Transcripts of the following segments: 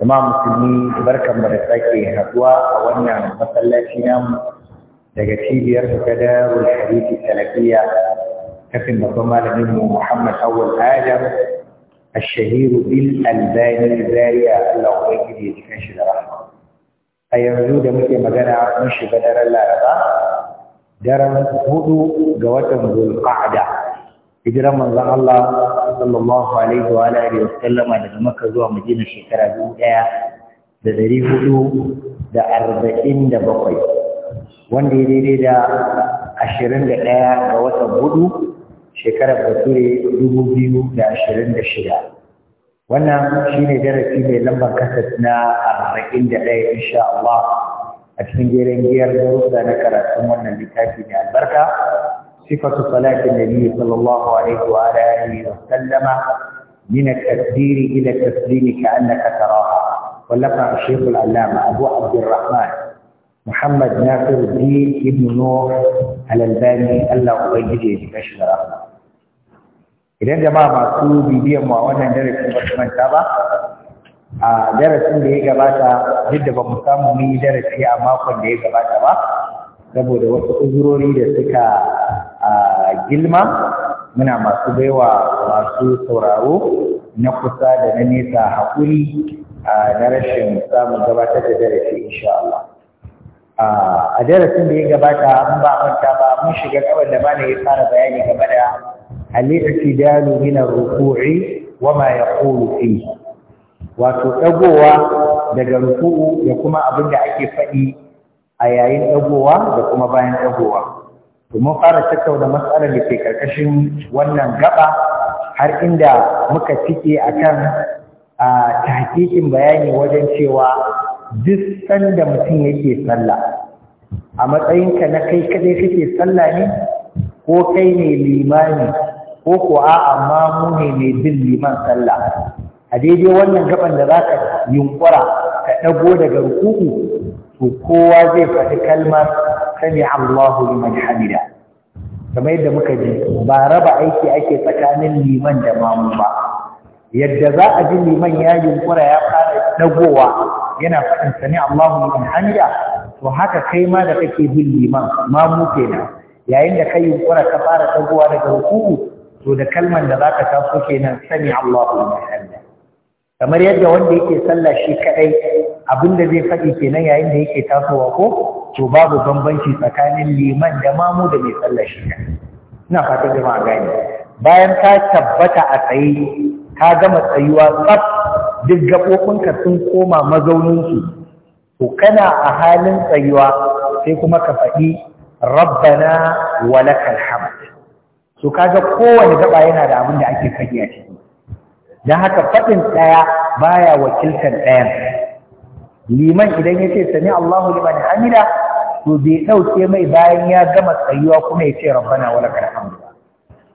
Zama musulmi barkan mu da sake haduwa a wannan masallaci namu daga cibiyar ta darul hadisi kafin babban malamin mu Muhammad Awwal Adam الشهير بالألباني زاريا الله ويجري لكن شد رحمه a yanzu da muke magana mun shiga daren laraba daren hudu ga watan zulqa'da hijiran manzon Allah sallallahu alaihi wa alihi wa sallama daga Makka zuwa Madina shekara 1447 wanda ya daidai da 21 ga watan hudu shekarar Bature 2026 wannan shine darasi mai lambar kasas na 41 insha Allah a cikin gidan giyar darussa na karatun wannan littafi mai albarka صفة صلاة النبي صلى الله عليه وآله وسلم من التكبير إلى التسليم كأنك تراها ولقى الشيخ العلامة أبو عبد الرحمن محمد ناصر الدين ابن نور على الباني ألا أغيره بشر رحمه إذا جماعة ما أقول بي وأنا ندرس من تابع آه، درس من هيك بعد جدة بمسام ومي درس هي أماكن هيك بعد تابع saboda wasu uzurori da suka gilma muna masu baiwa masu sauraro na kusa da na nesa haƙuri na rashin samun gabatar da darasi insha Allah. A darasin da ya gabata an ba manta ba mun shiga kawai da na ya fara bayani game da halittar dalu min ruku'i wa ma yaqulu fi wato ɗagowa daga ruku'u da kuma abin da ake faɗi a yayin ɗagowa da kuma bayan ɗagowa. Domin fara tattauna matsalar da ke ƙarƙashin wannan gaba har inda muka cike a kan tahkikin bayani wajen cewa duk sanda mutum yake sallah a matsayinka na kai kaɗai kake sallah ne ko kai ne limani ko ko a'a mu ne mai bin liman sallah a daidai wannan gaban da za ka yunkura ka ɗago daga rukuku to kowa zai faɗi kalmar sami Allahu liman hamida kamar yadda muka ji ba raba aiki ake tsakanin liman da mamu ba yadda za a ji liman ya yunkura ya fara dagowa yana faɗin sami Allahu liman hamida to haka kai ma da kake bin liman mamu kenan yayin da kai yunkura ka fara dagowa daga ruku'u to da kalmar da za ka taso kenan sami Allahu liman hamida kamar yadda wanda yake sallah shi kadai abinda zai faɗi kenan yayin da yake tasowa ko to babu bambanci tsakanin liman da mamu da mai sallah shi kadai ina fatan jama'a gani bayan ka tabbata a tsaye ka gama tsayuwa tsaf duk gaɓoɓinka sun koma mazauninsu to kana a halin tsayuwa sai kuma ka faɗi rabbana walakal hamd to kaga kowane gaba yana da abin da ake faɗi a cikin don haka faɗin ɗaya baya wakiltar ɗayan liman idan ya ce sami Allahu liman hamida to bai ɗauke mai bayan ya gama tsayuwa kuma ya ce rabbana wala lakal hamdu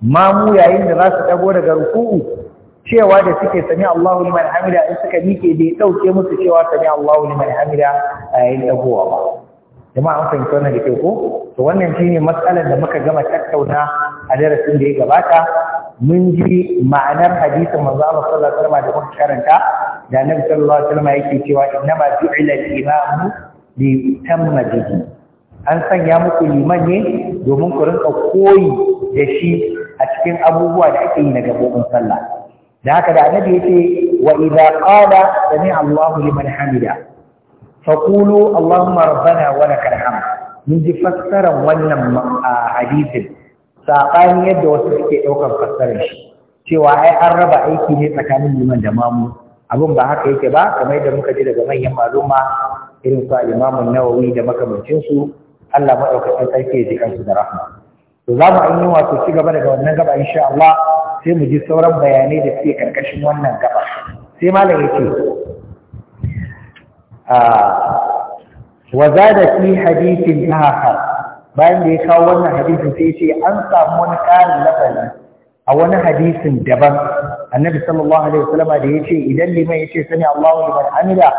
mamu yayin da za su dago daga ruku'u cewa da suke sami Allahu liman hamida in suka ke bai ɗauke musu cewa sami Allahu liman hamida a yayin dagowa ba jama'a an fahimci wannan da ke ko to wannan shine matsalar da muka gama tattauna a darasin da ya gabata mun ji ma'anar hadisin manzo Allah sallallahu alaihi wasallam da muka karanta da Annabi sallallahu alaihi wasallam yake cewa innama ju'ila al-imam li tamma bihi an sanya muku liman ne domin ku rinka koyi da shi a cikin abubuwa da ake yi na gabobin sallah da haka da Annabi yake wa idza qala sami Allahu liman hamida faqulu Allahumma rabbana wa lakal hamd mun ji fassarar wannan ah, hadisin saɓanin yadda wasu suke ɗaukar fassarar shi cewa ai an raba aiki ne tsakanin liman da mamu abin ba haka yake ba kamar yadda muka ji daga manyan maluma irin su alimamun nawawi da makamancinsu Allah maɗaukacin sarki ya ji kansu da rahma to za mu an yi wato ci gaba daga wannan gaba insha Allah sai mu ji sauran bayanai da suke karkashin wannan gaba sai malam yake ah, wa zada fi hadithin akhar bayan da ya kawo wannan hadisin sai ce an samu wani ƙarin lafazi a wani hadisin daban annabi sallallahu alaihi wasallam da yace idan liman yace sami Allahu liman hamida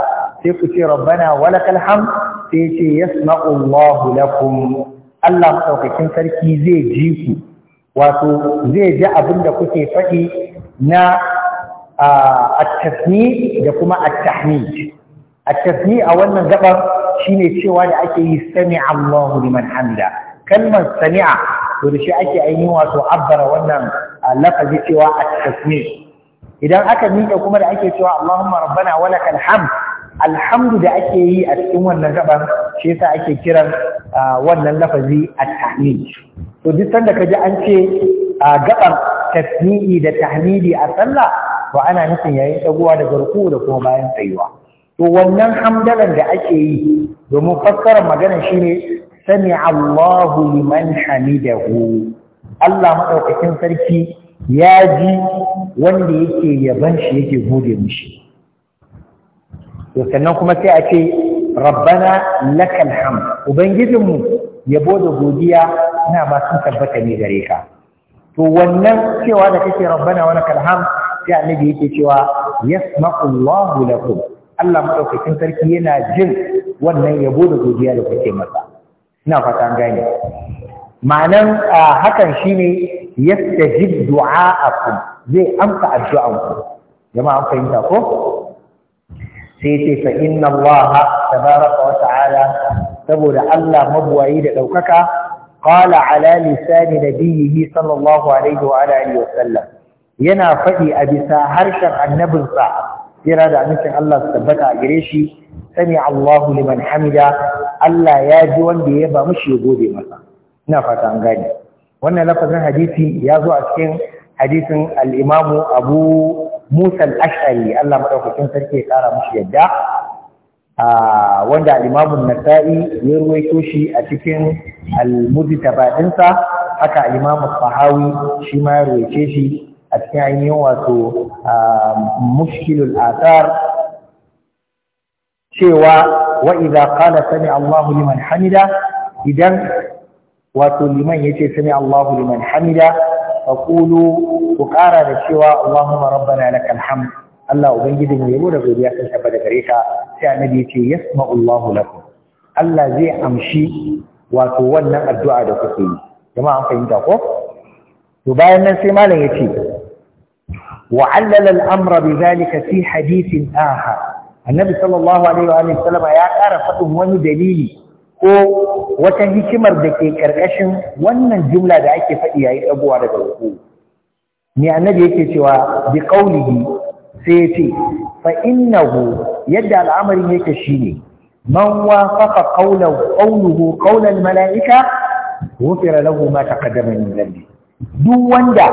sai ku ce rabbana walakal ham. sai yace yasma'u Allahu lakum Allah madaukakin sarki zai ji ku wato zai ji abin da kuke faɗi na at-tasmi da kuma at-tahmid at-tasmi a wannan gabar Shi ne cewa da ake yi sami Allahu liman hamida kalmar sami'a to da shi ake ainihin wato abbara wannan ah, lafazi cewa at-tasmi idan aka miƙa kuma da ake cewa Allahumma rabbana walakal hamd alhamdu da ake yi a cikin wannan gaban shi yasa ake kiran ah, wannan lafazi a tahmid to duk sanda ka ji an ce ah, gaban tasmi'i da tahmidi a sallah to ana nufin yayin dagowa daga ruku da kuma bayan tsayuwa to wannan hamdalan da ake yi domin fassarar magana shine sami Allahu liman hamidahu Allah madaukakin sarki ya ji wanda yake yaban shi yake gode mishi to sannan kuma sai a ce rabbana lakal hamd ubangijinmu yabo da godiya ina ba sun tabbata ne gare ka to wannan cewa da kake rabbana wa lakal hamd sai annabi yake cewa yasma'u Allahu lakum Allah madaukakin sarki yana jin wannan yabo da godiya da kuke masa ina fata gane ma'anan hakan shine yastajib du'a'akum zai amsa addu'anku jama'a an fahimta ko sai ce fa inna Allah tabaraka wa ta'ala saboda Allah mabuwayi da daukaka qala ala lisani nabiyhi sallallahu alaihi wa alihi wa sallam yana faɗi a bisa harshen annabinsa kira da amincin Allah su tabbata a gare shi sani Allahu liman hamida Allah ya ji wanda ya ba mushi ya gode masa ina fata an gane wannan lafazin hadisi ya zo a cikin hadisin al-Imam Abu Musa al-Ash'ari Allah madaukakin sarki ya kara mushi yadda wanda al-Imam an-Nasa'i ya ruwaito shi a cikin al-Mujtaba haka al-Imam Sahawi shi ma ya ruwaice shi a cikin ainihin wato mushkilul athar cewa wa idza qala sami Allahu liman hamida idan wato liman yace sami Allahu liman hamida faqulu ku kara da cewa Allahumma rabbana lakal hamd Allah ubangiji mu yabo da godiya kan shabba da gare ka sai annabi yace yasma'u Allahu lakum Allah zai amshi wato wannan addu'a da kuke yi jama'a an fahimta ko to bayan nan sai malam yace وعلل الأمر بذلك في حديث آخر النبي صلى الله عليه وآله وسلم يا أعرف ko wata hikimar da ke ƙarƙashin wannan jumla da ake faɗi yayin ɗagowa daga ruku ne annabi yake cewa bi qaulihi sai yace fa innahu yadda al'amarin yake shine man wafaqa qawlahu qawluhu qawlan mala'ika ghufira lahu ma taqaddama min dhanbi duk wanda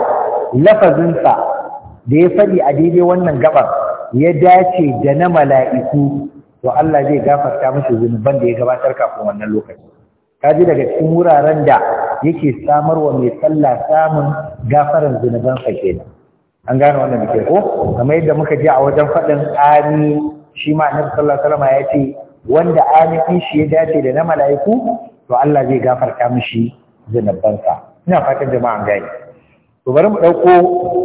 lafazinsa da ya faɗi a daidai wannan gabar ya dace da na mala'iku to Allah zai gafarta mashi zunuban da ya gabatar kafin wannan lokaci ji daga cikin wuraren da yake samar wa mai sallah samun gafarar zunuban sa kenan an gane wannan da ko kamar yadda muka je a wajen faɗin ami shi ma annabi sallallahu alaihi ya ce wanda amin shi ya dace da na mala'iku to Allah zai gafarta mishi zunuban sa ina fatan jama'an gani to bari mu ɗauko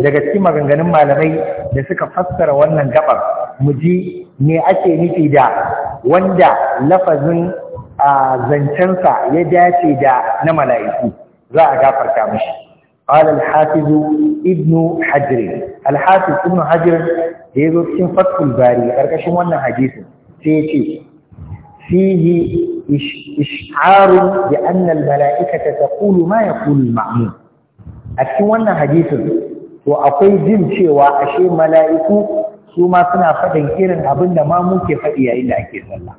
daga cikin maganganun malamai da suka fassara wannan gabar mu ji me ake nufi da wanda lafazin a zancensa ya dace da na mala'iku za a gafarta mishi قال الحافظ ابن حجر الحافظ ابن حجر da yazo cikin fathul bari ƙarƙashin wannan hadisin sai ce فيه إشعار بأن الملائكة تقول ما يقول المأمون a cikin wannan hadisin to akwai jin cewa ashe mala'iku su ma suna faɗin irin abin da ma muke faɗi yayin da ake sallah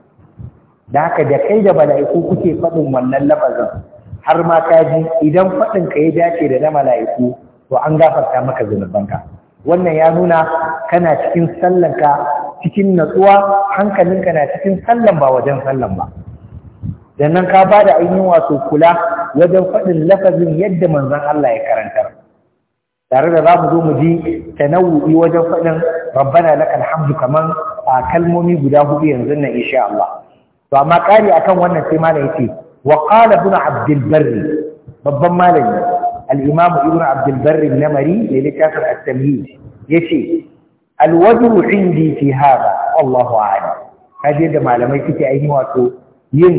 da haka da kai da mala'iku kuke faɗin wannan lafazin har ma ka ji idan faɗin ka ya dace da na mala'iku to an gafarta maka zunubanka wannan ya nuna kana cikin sallanka cikin natsuwa hankalinka na cikin sallan ba wajen sallan ba sannan ka ba da ainihin wato kula wajen faɗin lafazin yadda manzon Allah ya karantar tare da za mu zo mu ji tanawu'i wajen faɗin rabbana lakal alhamdu kaman a kalmomi guda hudu yanzu nan insha Allah to amma kari akan wannan sai malai yace wa qala ibn babban malami al-imam ibn abdul barri namari ne littafin at-tamhid yace al-wajhu indi fi hada Allahu a'lam kaje da malamai kike ainihin wato yin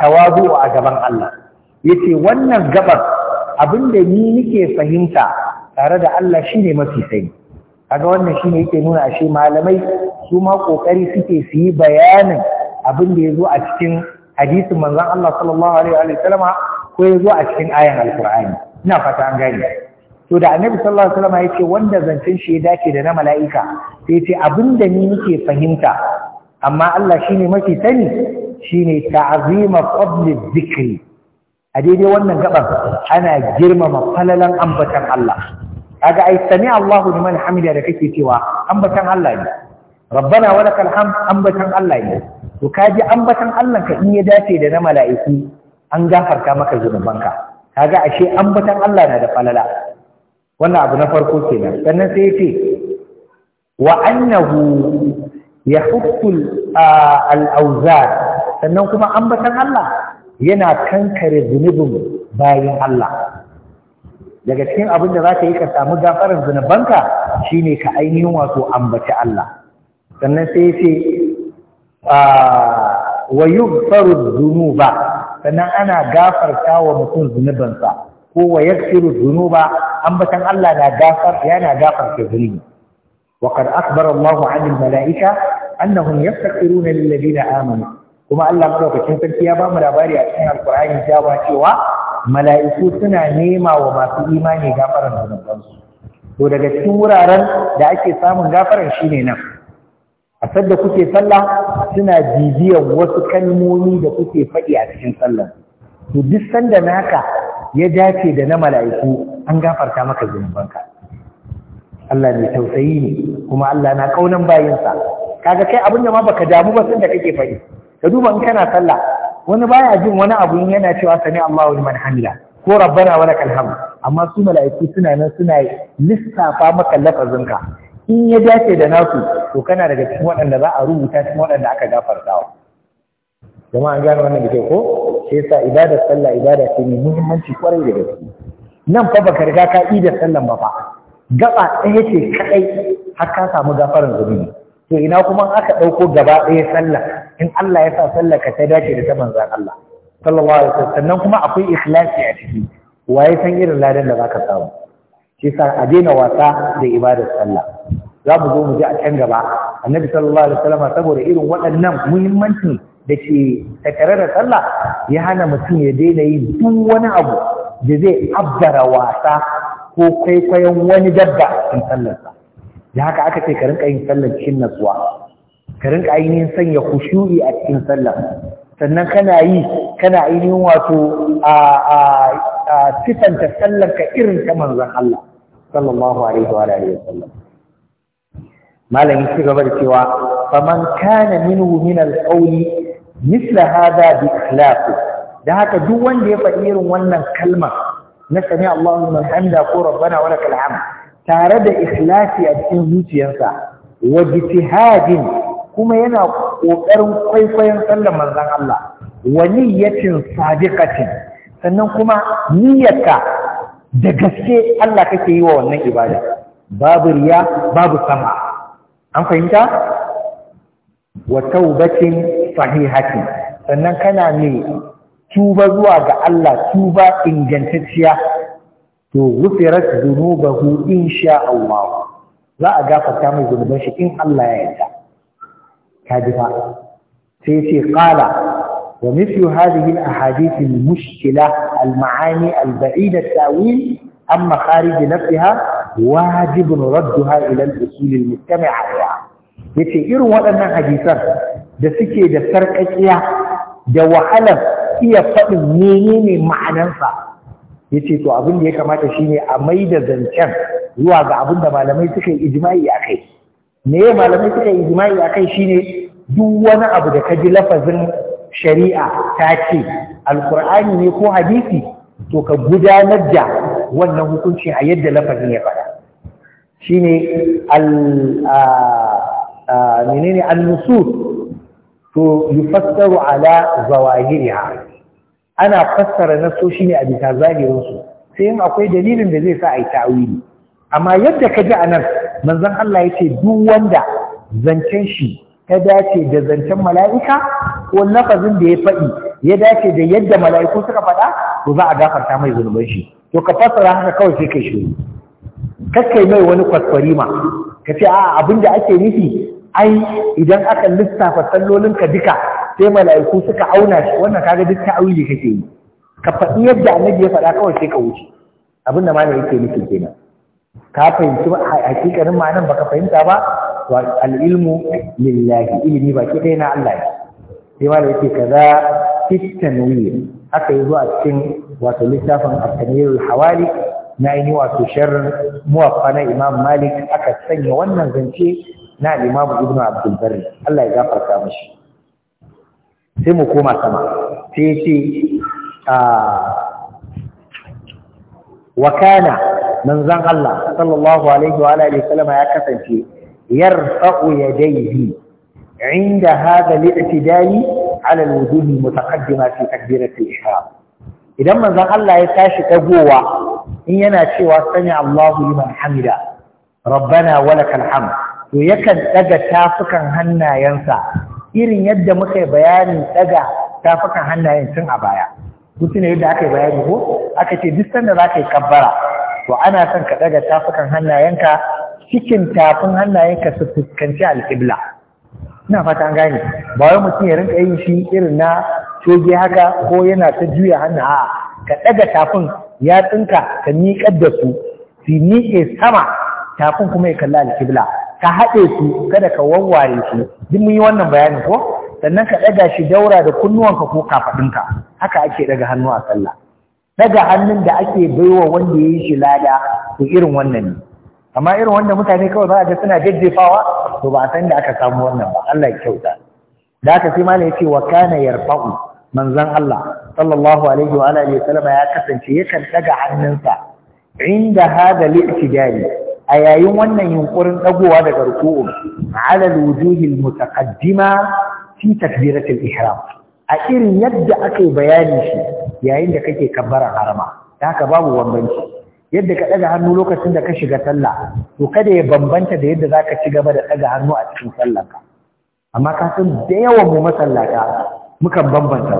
tawazu a gaban Allah yace wannan gabar abinda ni nike fahimta tare da Allah shine mafi sai kaga wannan shine yake nuna ashe malamai su ma kokari suke su yi bayanin abin da yazo a cikin hadisin manzon Allah sallallahu alaihi wa sallama ko yazo a cikin ayan alqur'ani ina fata an gane to da annabi sallallahu alaihi wa yace wanda zancen shi ya dace da na mala'ika sai yace abinda ni nike fahimta amma Allah shine mafi sani shine ta'azima fadli zikiri a daidai wannan gaban ana girmama falalan ambatan Allah kaga ai sami Allahu liman hamida da kake cewa ambatan Allah ne rabbana walakal hamd ambatan Allah ne to kaji ambatan Allah ka in ya dace da na mala'iku an gafarta maka zunubanka kaga ashe ambatan Allah na da falala wannan abu na farko kenan sannan sai yace wa annahu ya hukul al'auzar sannan kuma ambatan Allah yana kankare zunubin bayan Allah daga cikin abin da za ka yi ka samu gafarar zunubanka shine ka ainihin wato ambaci Allah sannan sai ya ce wa yughfaru sannan ana gafarta wa mutum zunubansa ko wa yaghfiru dhunuba ambatan Allah na gafar yana gafarta zunubi وقد أخبر الله عن الملائكة أنهم يفتقرون للذين آمنوا kuma Allah madaukakin sarki ya bamu labari a cikin Alkur'ani cewa cewa mala'iku suna nema wa masu imani gafaran zunubansu to daga cikin wuraren da ake samun gafaran shine nan a sadda kuke sallah suna bibiyan wasu kalmomi da kuke faɗi a cikin sallah to duk sanda naka ya dace da na mala'iku an gafarta maka zunubanka Allah ne tausayi ne kuma Allah na kaunan bayinsa kaga kai abin da ma baka damu ba sun da kake faɗi ka duba in kana sallah wani baya jin wani abu yana cewa sami Allahu liman hamida ko rabbana wa lakal hamd amma su mala'iku suna nan suna lissafa maka lafazinka in ya dace da nasu to kana daga cikin waɗanda za a rubuta cikin waɗanda aka gafartawa jama'a an gane wannan da ke ko shi yasa ibadar sallah ibada ce mai muhimmanci kwarai da gaske nan fa baka riga ka ida da sallan ba fa gaba ɗaya ce kaɗai har ka samu gafarin zunubi to ina kuma aka ɗauko gaba ɗaya sallah in Allah ya sa sallah ka ta dace da ta manzan Allah sallallahu alaihi wasallam sannan kuma akwai ikhlasi a ciki waye san irin ladan da zaka samu shi sa a daina wasa da ibadar sallah za mu zo mu ji a can gaba annabi sallallahu alaihi wasallam saboda irin waɗannan muhimmancin da ke tattare da sallah ya hana mutum ya daina yin duk wani abu da zai abbara wasa ko kwaikwayon wani dabba cikin sallarsa da haka aka ce ka rinka yin sallar cikin natsuwa ka rinka ainihin sanya kushu'i a cikin sallar sannan kana yi kana ainihin wato a a a sifanta sallar ka irin ta manzon Allah sallallahu alaihi wa alihi wasallam malami shi gaba da cewa faman kana minhu min al-qawli misla bi ikhlasi da haka duk wanda ya faɗi irin wannan kalmar na sami Allahu hamda ko rabbana wa lakal hamd tare da ikhlasi a cikin zuciyarsa wa bijtihadin kuma yana kokarin kwaikwayon sallar manzon Allah wa niyyatin sadiqatin sannan kuma niyyarka da gaske Allah kake yi wa wannan ibada babu riya babu sama an fahimta wa taubatin sahihatin sannan kana ne tuba zuwa ga Allah tuba ingantacciya to gufirat dhunubahu insha Allah za a gafarta mai zunuban shi in Allah ya yarda ka fa sai ce qala wa mithlu hadhihi al-ahadith al-mushkila al-ma'ani al-ba'id at-ta'wil amma kharij nafsiha wajib radduha ila al-usul al-mustami'a yace irin waɗannan hadisan da suke da sarƙaƙiya da wahalar iya faɗin ne ma'anansa ya ce to abin da ya kamata shi ne a mai da zancen zuwa ga abin da malamai suka yi ijima'i a kai me ya malamai suka yi ijima'i a kai shi ne duk wani abu da ka ji lafazin shari'a ta ce alkur'ani ne ko hadisi to ka gudanar da wannan hukunci a yadda lafazin ya faɗa shi ne menene al-nusur to yufassaru ala zawahiriha ana fassara nasoshi ne a bisa zahirinsu sai in akwai dalilin da zai sa a yi amma yadda ka ji a nan manzon Allah ya ce duk wanda zancen shi ta dace da zancen mala'ika ko lafazin da ya faɗi ya dace da yadda mala'iku suka faɗa to za a gafarta mai zunuban shi to ka fassara haka kawai sai kai shiru kakkai mai wani kwaskwarima ka ce a abin da ake nufi ai idan aka lissafa sallolinka duka sai mala'iku suka auna shi wannan kaga duk ta'awili kake yi ka faɗi yadda annabi ya faɗa kawai sai ka wuce abin da malam yake nufin kenan ka fahimci hakikanin ma'anan baka fahimta ba wa al'ilmu lillahi ilimi ba ke na Allah ne sai malam yake kaza fitanwir aka yi a cikin wato littafin at-tanwirul hawali na yi wato sharrin muwaffa na imam malik aka sanya wannan zance na imam ibnu abdul barri Allah ya gafarta mashi sai mu koma sama sai ce wa kana manzon Allah sallallahu alaihi wa alihi wasallam ya kasance yarfa'u yadayhi inda hada li'tidali ala alwuduhi mutaqaddima fi takbirat ihram idan manzon Allah ya tashi dagowa in yana cewa sami Allahu liman hamida rabbana walakal hamd to yakan daga tafukan hannayensa irin yadda muka yi bayanin daga tafukan hannayen tun a baya mutum ne yadda aka yi bayani ko aka ce duk sanda za ka yi kabbara to ana son ka daga tafukan hannayenka cikin tafin hannayenka su fuskanci alƙibla ina fata an gane ba wai mutum ya rinka yin shi irin na coge haka ko yana ta juya hannu a'a ka daga tafin ya tsinka ka miƙar da su su miƙe sama tafin kuma ya kalli alƙibla ka haɗe su kada ka wawware su duk mun yi wannan bayanin ko sannan ka ɗaga shi daura da kunnuwanka ko kafaɗinka haka ake ɗaga hannu a sallah ɗaga hannun da ake baiwa wanda ya yi shi lada to irin wannan ne amma irin wanda mutane kawai za a ga suna jajjefawa to ba a san da aka samu wannan ba Allah ya kyauta da haka sai malam yace wa kana yarfa'u manzon Allah sallallahu alaihi wa alihi ya kasance yakan ɗaga hannunsa inda hada li'tidali a yayin wannan yunkurin dagowa daga ruku'u ala alwujuhil mutaqaddima fi takbiratul ihram a irin yadda aka yi bayani shi yayin da kake kabbara harama haka babu bambanci yadda ka daga hannu lokacin da ka shiga sallah to kada ya bambanta da yadda zaka ci gaba da daga hannu a cikin ka. amma ka san da yawan mu masallata mukan bambanta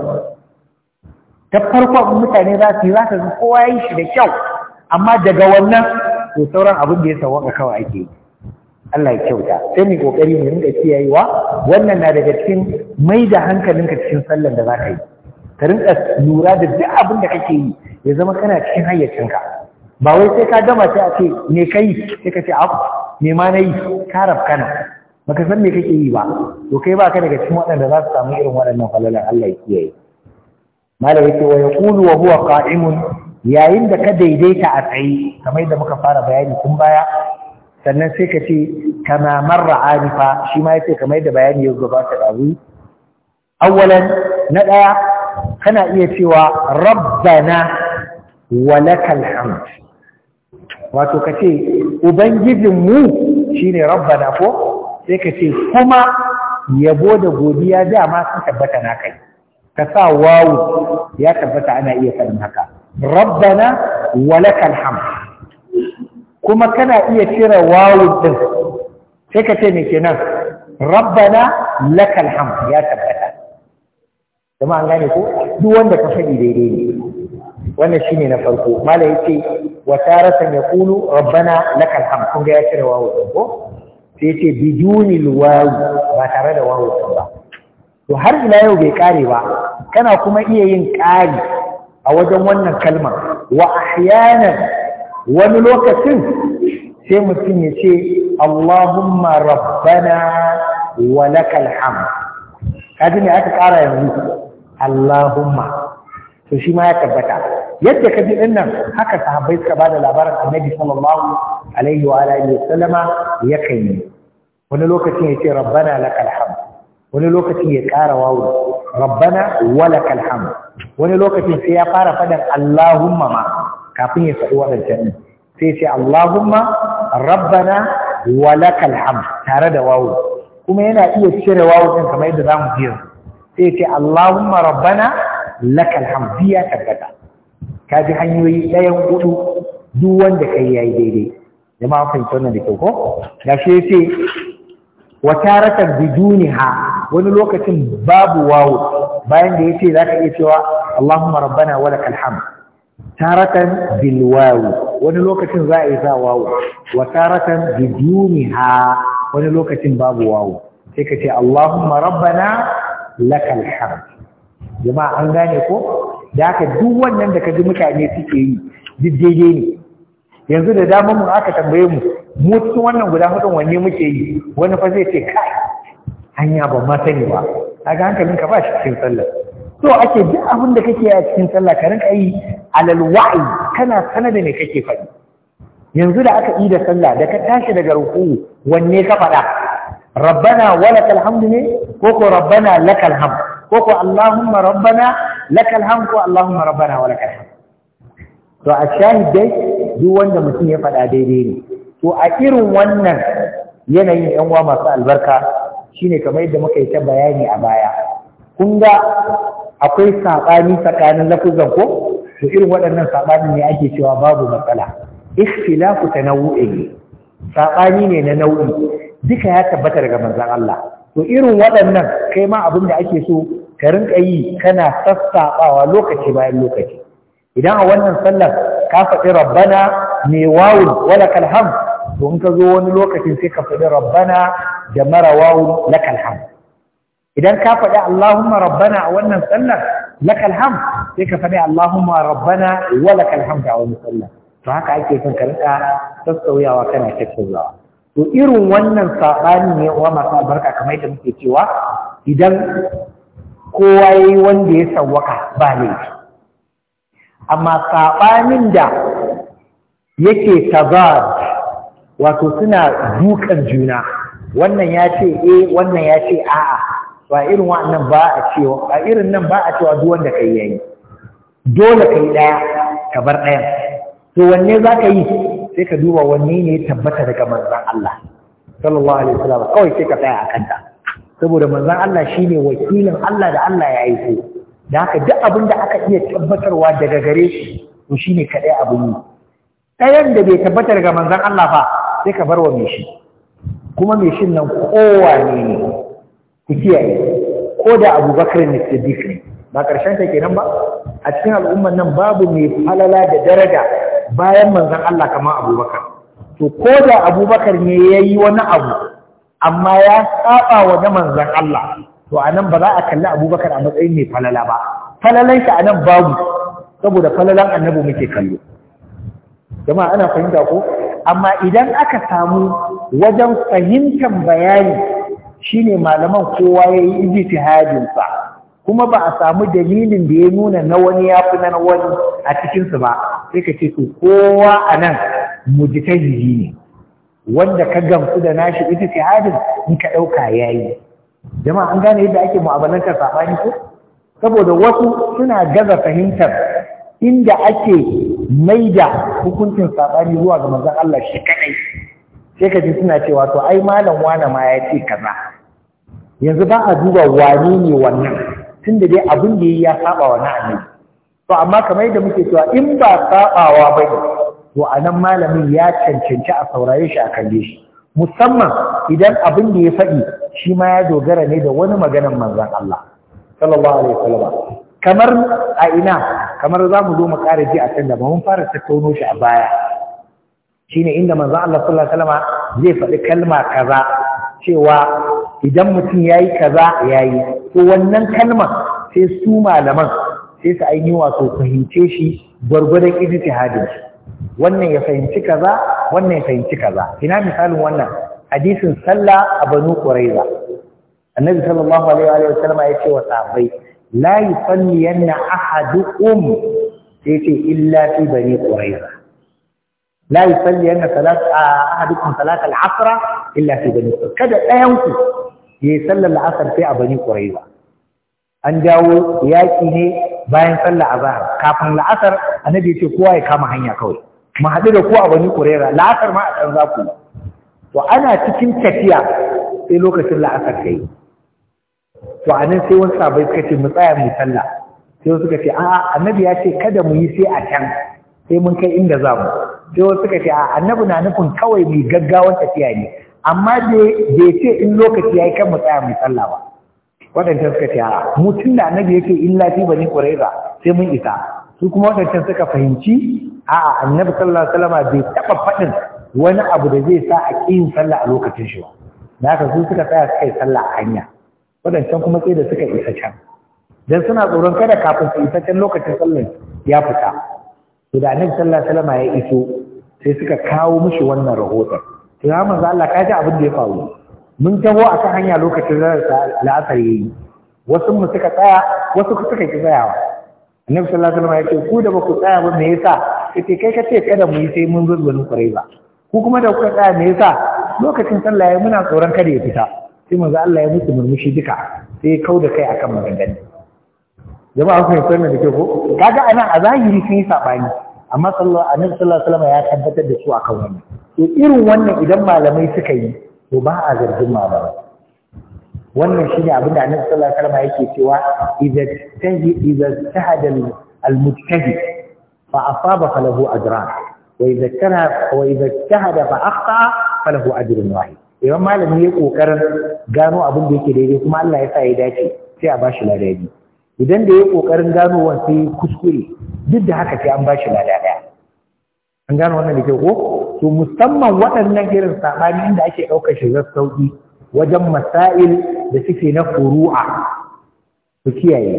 ta farko mutane za su yi za ka ga kowa yi shi da kyau amma daga wannan ko sauran abin da ya sawaka kawai ake Allah ya kyauta sai ni kokari ne rinka kiyayewa wannan na daga cikin mai da hankalinka cikin sallar da za ka yi ka rinka lura da duk abin da kake yi ya zama kana cikin hayyacinka ba wai sai ka gama sai a ce me kai sai ka ce af me ma nayi ka rafkana baka san me kake yi ba to kai ba ka daga cikin waɗanda za su samu irin waɗannan falalan Allah ya kiyaye malam yake wa yaqulu wa huwa qa'imun yayin da ka daidaita a tsaye kamar da muka fara bayani tun baya sannan sai ka ce kama marra anifa shi ma yace kamar da bayani ya gabata da wuri awwalan na daya kana iya cewa rabbana walakal hamd wato ka ce mu shine rabbana ko sai ka ce kuma yabo da godiya ma ka tabbata na kai ka sa wawu ya tabbata ana iya faɗin haka rabbana walakal hamd kuma kana iya cire wawu din sai ka ce me kenan rabbana lakal hamd ya tabbata kuma an gane ko duk wanda ka faɗi daidai ne wannan shine na farko mala yace wa taratan yaqulu rabbana lakal hamd kun ga ya cire wawu din ko sai yace bijunil wawu ba tare da wawu ba to har ila yau bai kare ba kana kuma iya yin kari a wajen wannan kalmar wa ahyanan wani lokacin sai mutum ya ce Allahumma rabbana wa lakal hamd kaji ne aka ƙara yanzu Allahumma to shi ma ya tabbata yadda ka ji din nan haka sahabbai suka bada labarin Annabi sallallahu alaihi wa alihi wasallama ya kai wani lokacin ya ce rabbana lakal hamd wani lokacin ya ƙara wawu rabbana walakal hamd wani lokacin sai ya fara fadan allahumma ma kafin ya faɗi wadancan sai ce allahumma rabbana walakal hamd tare da wawu kuma yana iya cire wawu din kamar yadda zamu ji sai ce allahumma rabbana lakal hamd ya tabbata kaji hanyoyi ɗayan hudu duk wanda kai yayi daidai jama'a fahimta wannan da kyau ko gashi yace wa taraka biduniha wani lokacin babu wawo bayan da yace zaka iya cewa Allahumma rabbana wa lakal hamd taratan bil wawo wani lokacin za a yi sa wawo wa tarakan biduniha wani lokacin babu wawo sai ka ce Allahumma rabbana lakal hamd jama'a an gane ko da haka duk wannan da ka ji mutane suke yi duk daidai ne yanzu da dama mun aka tambaye mu mu cikin wannan guda hudun wanne muke yi wani fa zai ce kai hanya ban ma sani ba kaga hankalin ka ba shi cikin sallah to ake duk abin da kake a cikin sallah ka rinka yi alal wa'i kana sanar da me kake faɗi yanzu da aka yi da sallah da ka tashi daga ruku wanne ka faɗa rabbana walakal hamdu ne ko ko rabbana lakal hamd ko ko allahumma rabbana lakal hamd ko allahumma rabbana walakal hamd to a shahid dai duk wanda mutum ya faɗa daidai ne to a irin wannan yanayin yan uwa masu albarka shine kamar yadda muka yi ta bayani a baya kun ga akwai saɓani tsakanin lafuzan ko to irin waɗannan saɓanin ne ake cewa babu matsala ikhtilafu tanawu'i ne saɓani ne na nau'i duka ya tabbata daga manzon Allah to irin waɗannan kai ma abin da ake so ka rinka yi kana sassaɓawa lokaci bayan lokaci idan a wannan sallar ka faɗi rabbana mai wawun wala kalham to in ka zo wani lokacin sai ka faɗi rabbana da marawawu lakal hamd idan ka faɗi allahumma rabbana a wannan sallar lakal ham, sai ka faɗi allahumma rabbana wa lakal hamd wani sallar to haka ake son ka rika sassauyawa kana tattaunawa to irin wannan saɓani ne wa masu albarka kamar yadda muke cewa idan kowa ya yi wanda ya sawwaka ba laifi amma saɓanin da yake tazar wato suna dukan juna wannan ya ce eh wannan ya ce a'a ba irin wannan ba a cewa a irin nan ba a cewa duk wanda kai yayi dole kai daya ka bar dayan to wanne za ka yi sai ka duba wanne ne ya tabbata daga manzon Allah sallallahu alaihi wasallam kawai sai ka tsaya a kanta saboda manzon Allah shine wakilin Allah da Allah ya aiko da haka duk abin da aka iya tabbatarwa daga gare shi to shine kadai abin yi ɗayan da bai tabbatar daga manzon Allah ba. sai ka bar wa mai shi kuma mai shi nan kowa ne ne ku kiyaye ko da abubakar ne siddiq ne ba ƙarshen ta kenan ba a cikin al'umman nan babu mai falala da daraja bayan manzon Allah kamar abubakar to ko da abubakar ne ya yi wani abu amma ya saba wa na manzon Allah to a nan ba za a kalli abubakar a matsayin mai falala ba falalan shi a nan babu saboda falalan annabi muke kallo jama'a ana fahimta ko amma idan aka samu wajen fahimtar bayani shine malaman kowa ya yi ijtihadinsa kuma ba a samu dalilin da ya nuna na wani ya fi na wani a cikinsu ba sai ka ce to kowa a nan mujtahidi ne wanda ka gamsu da nashi ijtihadin in ka ɗauka yayi jama'a an gane yadda ake mu'amalantar sabani ko saboda wasu suna gaza fahimtar inda ake mai da hukuncin saɓani zuwa ga mazan Allah shi kadai sai suna cewa to ai malam wane ma ya ce kaza yanzu ba a duba wani ne wannan tunda dai abin da ya saba wa na annabi to amma kamar yadda muke cewa in ba sabawa ba ne to anan malamin ya cancanci a saurare shi a kalle shi musamman idan abin da ya faɗi shi ma ya dogara ne da wani maganar manzan Allah sallallahu alaihi wasallam kamar a ina kamar za mu zo mu kara ji a can da mun fara tattauno shi a baya shine inda manzo Allah sallallahu alaihi wasallam zai faɗi kalma kaza cewa idan mutum yayi kaza yayi to wannan kalman sai su malaman sai su ainihi wato fahimce shi gwargwadon ijtihadin shi wannan ya fahimci kaza wannan ya fahimci kaza ina misalin wannan hadisin sallah a banu quraiza annabi sallallahu alaihi wa sallam ya ce wa sahabbai la yusalliyanna ahadukum sai ce illa fi bani quraiza la yusalliyanna salat ahadukum salat al-asr illa fi bani quraiza kada ɗayan ku yayi sallar al-asr sai a bani quraiza an dawo yaƙi ne bayan sallar azhar kafin la'asar annabi ya ce kowa ya kama hanya kawai mu haɗu da ku a bani quraiza la'asar ma a ɗan za ku to ana cikin tafiya sai lokacin la'asar kai to a nan sai wani sabai suka ce mu tsaya mu sallah sai wasu suka ce a'a annabi ya ce kada mu yi sai a can sai mun kai inda za mu sai wasu suka ce a'a annabi na nufin kawai mu gaggawan tafiya ne amma bai ce in lokaci ya yi kan mu tsaya mu sallah ba waɗancan suka ce a'a mu tun da annabi yake illa fi bani quraiza sai mun isa su kuma waɗancan suka fahimci a'a annabi sallallahu alaihi wasallam bai taɓa faɗin wani abu da zai sa a ƙi yin sallah a lokacin shi ba da ka su suka tsaya suka yi sallah a hanya waɗancan kuma sai da suka isa can dan suna tsoron kada kafin su isa can lokacin sallar ya fita to da annabi sallallahu alaihi wasallam ya iso sai suka kawo mishi wannan rahoton to ya manzo Allah ka ji abin da ya faru mun taho akan hanya lokacin la'asar yayi wasu mu suka tsaya wasu suka ki tsayawa annabi sallallahu alaihi wasallam ya ce ku da ba ku tsaya ba me yasa kace kai kace kada mu yi sai mun zurbanin kurai ba ku kuma da kuka tsaya me yasa lokacin sallah yayi muna tsoron kada ya fita sai manzo Allah ya mutu murmushi duka sai kau da kai akan maganganu jama'a kun san da ke ko kaga anan a zahiri sun yi sabani amma sallallahu alaihi wasallam ya tabbatar da su akan wannan to irin wannan idan malamai suka yi to ba a zargin malamai wannan shine abin da annabi sallallahu alaihi wasallam yake cewa idza tahi idza tahada al-mujtahid fa asaba falahu ajran wa idza kana wa idza tahada fa akhta falahu ajrun wahid idan malami ya kokarin gano abin da yake daidai kuma Allah ya sa ya dace sai a bashi ladabi idan da ya kokarin wa sai kuskure duk da haka sai an bashi lada daya an gano wannan da ke ko to musamman waɗannan irin saɓani inda ake ɗaukar shigar sauƙi wajen masail da suke na furu'a su kiyaye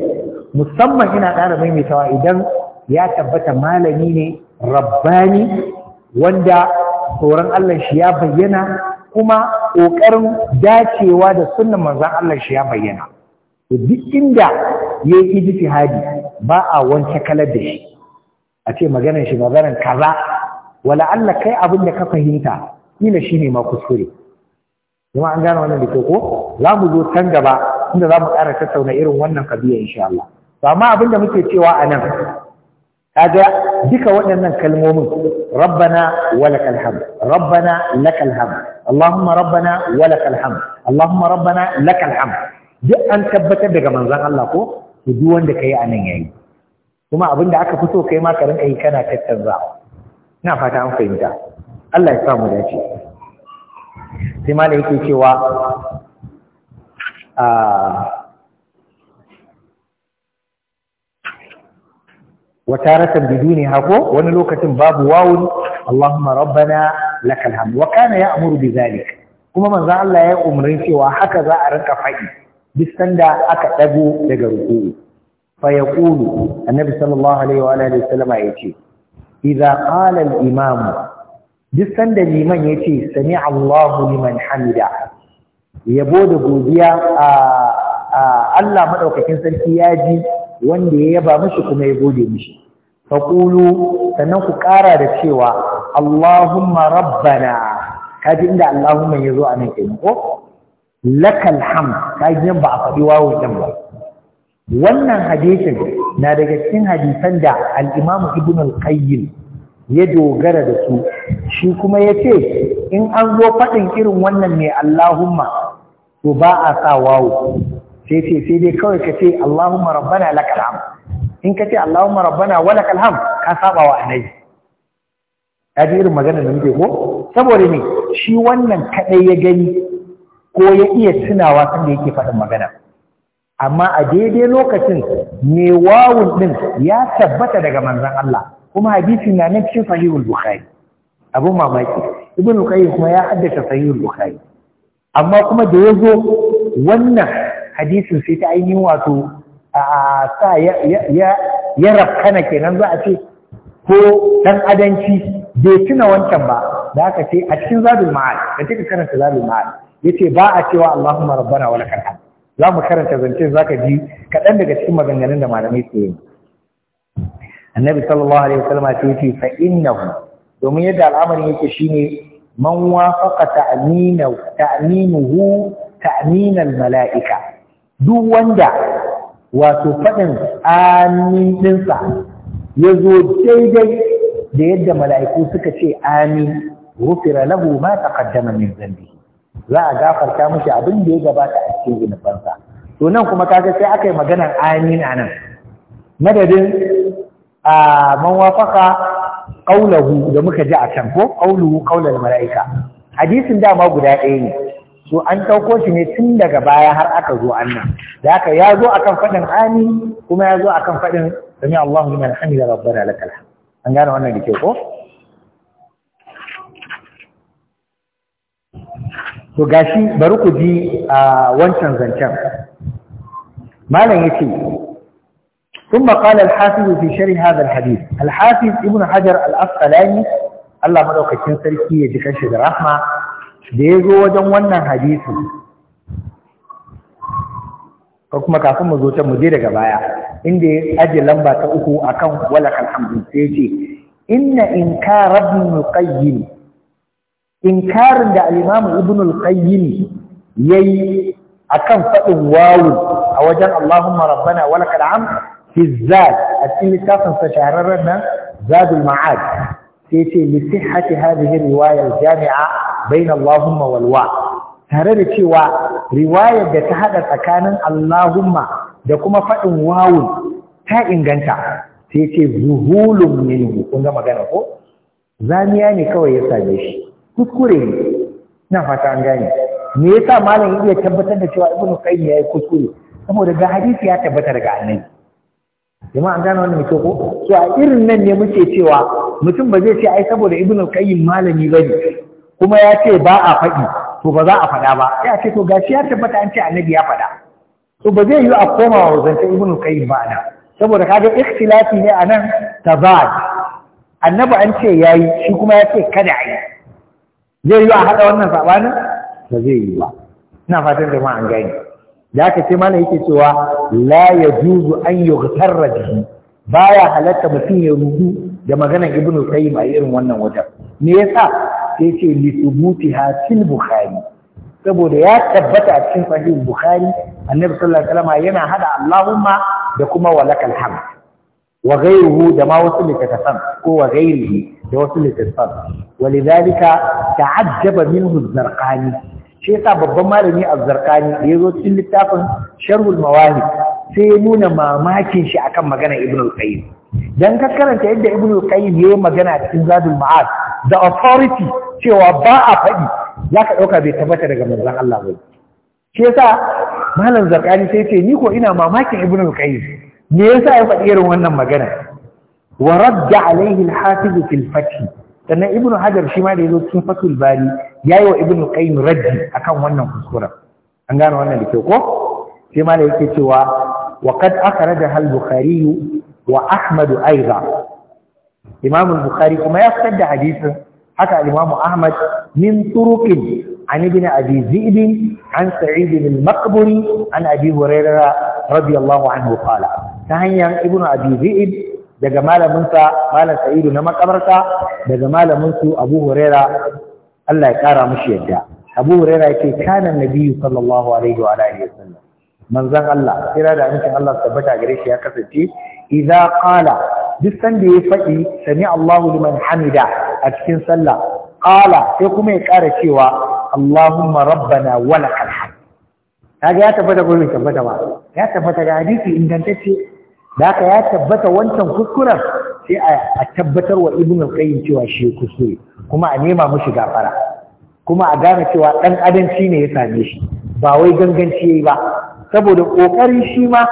musamman ina ƙara maimaitawa idan ya tabbata malami ne rabbani wanda tsoron Allah shi ya bayyana kuma ƙoƙarin dacewa da sunan manzan Allah shi ya bayyana duk inda ya yi hadi ba a wance kalar da shi a ce maganar shi maganar kaza wala Allah kai abin da ka fahimta kila shine ma kuskure kuma an gane wannan da ke ko za mu zo can gaba inda za mu ƙara tattauna irin wannan kabiya insha Allah to amma abin da muke cewa a nan kaga duka waɗannan kalmomin rabbana wa lakal hamd rabbana lakal hamd اللهم ربنا ولك الحمد اللهم ربنا لك lakal duk an tabbatar daga manzan Allah ko to duk wanda kai nan yayi kuma abinda aka fito kai ma ka rinka yi kana tattanza, ina fata an fahimta Allah ya samu dace sai ma yake cewa a ah, biduni hako wani lokacin babu wawu Allahumma rabbana laka alhamdu wa kana ya'muru bi zalik kuma manzo Allah ya umrin cewa haka za a rinka faɗi duk sanda aka dago daga ruku'u fa yaqulu annabi sallallahu alaihi wa alihi wasallama yace idza qala al-imam duk sanda liman yace sami Allahu liman hamida yabo da godiya a Allah madaukakin sarki ya ji wanda ya yaba mishi kuma ya gode mishi faqulu sannan ku ƙara da cewa Allahumma rabbana kaji inda Allahumma ya zo a nan kenan ko lakal hamd kaji ba a faɗi wawo din ba wannan hadisin na daga cikin hadisan da al-Imam Ibn al-Qayyim ya dogara da su shi kuma ya ce in an zo faɗin irin wannan ne Allahumma to ba a sa wawo sai ce sai dai kawai ka ce Allahumma rabbana lakal hamd in ka ce Allahumma rabbana wa hamd ka saba wa annabi ya irin magana da muke ko saboda ne shi wannan kaɗai ya gani ko ya iya tunawa sanda yake faɗin magana amma a daidai lokacin ne wawun ɗin ya tabbata daga manzon Allah kuma hadisi na nan cikin sahihul bukhari abu mamaki ibn qayyim kuma ya haddace sahihul bukhari amma kuma da ya zo wannan hadisin sai ta ainihin wato a sa ya ya ya kenan za a ce ko ɗan adanci bai tuna wancan ba da aka ce a cikin zabin ma'ad da kika karanta zadul ma'ad ce ba a cewa Allahumma rabbana wa lakal hamd za mu karanta zance ka ji kaɗan daga cikin maganganun da malamai su yi annabi sallallahu alaihi wasallam ya ce fa innahu domin yadda al'amarin yake shine man wafaqa ta'minahu ta'minuhu mala'ika duk wanda wato faɗin amin ɗinsa ya zo daidai da yadda mala'iku suka ce amin rufira lahu ma kaddama min zambi za a gafarta mushi abin da ya gabata a cikin zunubansa to nan kuma kaga sai aka yi maganar amin a nan. madadin a man wafaka da muka ji a can ko qauluhu qaulal mala'ika hadisin dama guda ɗaya ne so an ɗauko shi ne tun daga baya har aka zo annan da haka ya zo akan faɗin amin kuma ya zo akan faɗin sami Allahu liman hamida rabbana lakal hamd an gane wannan da ke ko to gashi bari ku ji a wancan zancen malam yace ثم قال الحافظ في شرح هذا الحديث Hajar, al حجر الأسقلاني Allah madaukakin sarki ya ji kanshi da rahma da ya zo wajen wannan hadisi ko kuma kafin mu zo ta mu je daga baya inda ya aje lamba ta uku akan walakal hamdu sai ce inna inkar ibn al in karin da al-imam ibn al-qayyim yayi akan faɗin wawu a wajen Allahumma rabbana walakal hamd fi a cikin littafin shahararren nan zadul ma'ad sai ce li sihhati hadhihi riwaya al-jami'a bayna Allahumma Walwa, tare da cewa riwayar da ta haɗa tsakanin Allahumma da kuma faɗin wawun ta inganta sai ce zuhulun minhu kun ga magana ko zamiya ne kawai ya same shi kuskure ne ina fata an gane me yasa malam iya tabbatar da cewa ibnu qayyim yayi kuskure saboda ga hadisi ya tabbata daga annabi jama'a an gane wannan mutum ko to a irin nan ne muke cewa mutum ba zai ce ai saboda ibnu qayyim malami bane kuma ya ce ba a faɗi to ba za a faɗa ba sai a ce to gashi ya tabbata an ce annabi ya faɗa to ba zai yi a koma wa zance ibn qayyim ba ana saboda kaga ikhtilafi ne anan tabad annabi an ce yayi shi kuma ya ce kada yi zai yi a hada wannan sabanin ba zai yi ba ina fatan jama'a an gani da aka ce mana yake cewa la yajuzu an yughtarra bihi baya halatta mutum ya rudu da maganar ibn qayyim a irin wannan wajen me yasa sai ce li thubutiha fil bukhari saboda ya tabbata a cikin sahih bukhari annabi sallallahu alaihi wasallam yana hada allahumma da kuma walakal hamd wa ghayruhu da ma wasu littattafan ko wa ghayrihi da wasu littattafan walidhalika ta'ajjaba minhu az-zarqani shi yasa babban malami az-zarqani da yazo cikin littafin sharhul mawahib sai ya nuna mamakin shi akan magana ibn al-qayyim dan ka karanta yadda ibn al-qayyim yayi magana cikin zadul ma'ad da authority cewa ba a faɗi za ka ɗauka bai tabbata daga manzan Allah ba shi yasa malam Zarkari sai ce ni ko ina mamakin ibn al-qayyim me yasa ya faɗi irin wannan magana wa radda alaihi al-hafiz fil fath sannan ibn hajar shi ma da yazo cikin fatul bari yayi wa ibn al-qayyim raddi akan wannan kuskuren an gane wannan da kyau ko sai malam yake cewa wa qad akhrajaha al-bukhari wa ahmad aidan imam al-bukhari kuma ya fitar da hadisin haka al Ahmad min turuqin an ibn Abi Zaid an Sa'id bin Maqburi an Abi Hurairah radiyallahu anhu qala ta hanyar ibnu Abi Zaid daga malamin sa malam Sa'id na makabarta daga malamin su Abu Hurairah Allah ya kara mushi yadda Abu Hurairah yake kana Nabi sallallahu alaihi wa alihi wasallam manzon Allah kira da amincin Allah tabbata gare shi ya kasance idza qala duk sanda ya faɗi sami Allahu liman hamida a cikin sallah ƙala sai kuma ya ƙara cewa Allahumma rabbana walakal hamd kaga ya tabbata ko tabbata ba ya tabbata ga hadisi ingantacce da haka ya tabbata wancan kuskuren sai a tabbatar wa ibnu qayyim cewa shi kuskure kuma a nema mushi gafara kuma a gane cewa dan adanci ne ya same shi ba wai ganganci yayi ba saboda ƙoƙarin shi ma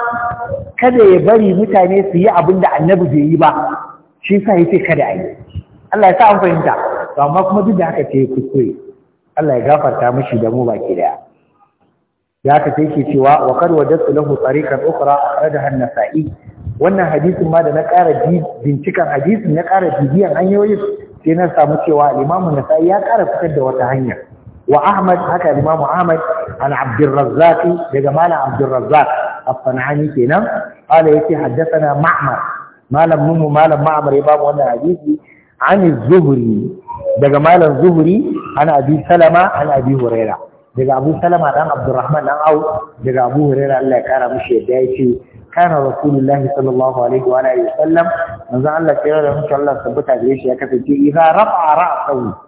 kada ya bari mutane su yi abin da annabi bai yi ba shi sa ya ce kada a yi Allah ya sa an fahimta to amma kuma duk da haka ce kuskure Allah ya gafarta mishi da mu baki daya da haka ce ke cewa wa tsari wajadtu lahu tariqan ukhra da an-nasa'i wannan hadisin ma da na ƙara bincikan hadisin na ƙara bibiyan hanyoyin sai na samu cewa imamu nasai ya ƙara fitar da wata hanyar. wa Ahmad haka Imam Ahmad an Abdurrazzaq daga Malam Abdurrazzaq as-Sanani kenan qala yace haddathana Ma'mar Malam mu Malam Ma'mar ya bamu wannan hadisi an Zuhri daga Malam Zuhri an Abi Salama an Abi Huraira daga Abu Salama dan Abdurrahman dan Au daga Abu Huraira Allah ya kara mushi da yace kana Rasulullahi sallallahu alaihi wa alihi wasallam manzo Allah kira da mutum Allah tabbata da shi ya kasance idza rafa'a ra'sahu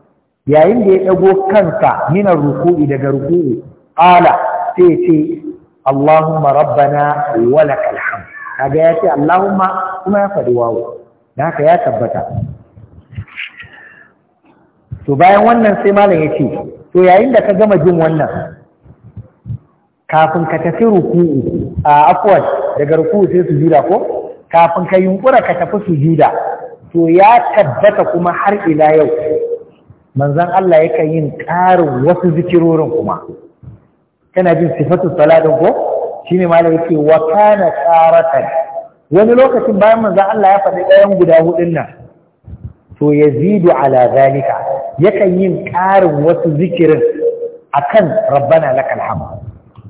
yayin da ya ɗago kansa minar ruku'i daga ruku'i ƙala sai ce Allahumma rabbana wa lakal hamd kaga ya ce Allahumma kuma ya faɗi wawo da haka ya tabbata to bayan wannan sai malam ya ce to yayin da ka gama jin wannan kafin ka tafi ruku'u a afwan daga ruku'u sai sujuda ko kafin ka yunkura ka tafi sujuda to ya tabbata kuma har ila yau manzan Allah yakan yin ƙarin wasu zikirorin kuma kana jin sifatu salatin ko ne malam yake wa kana qaratan wani lokacin bayan manzan Allah ya faɗi ɗayan guda hudun nan to yazidu ala zalika yakan yin ƙarin wasu zikirin akan rabbana lakal hamd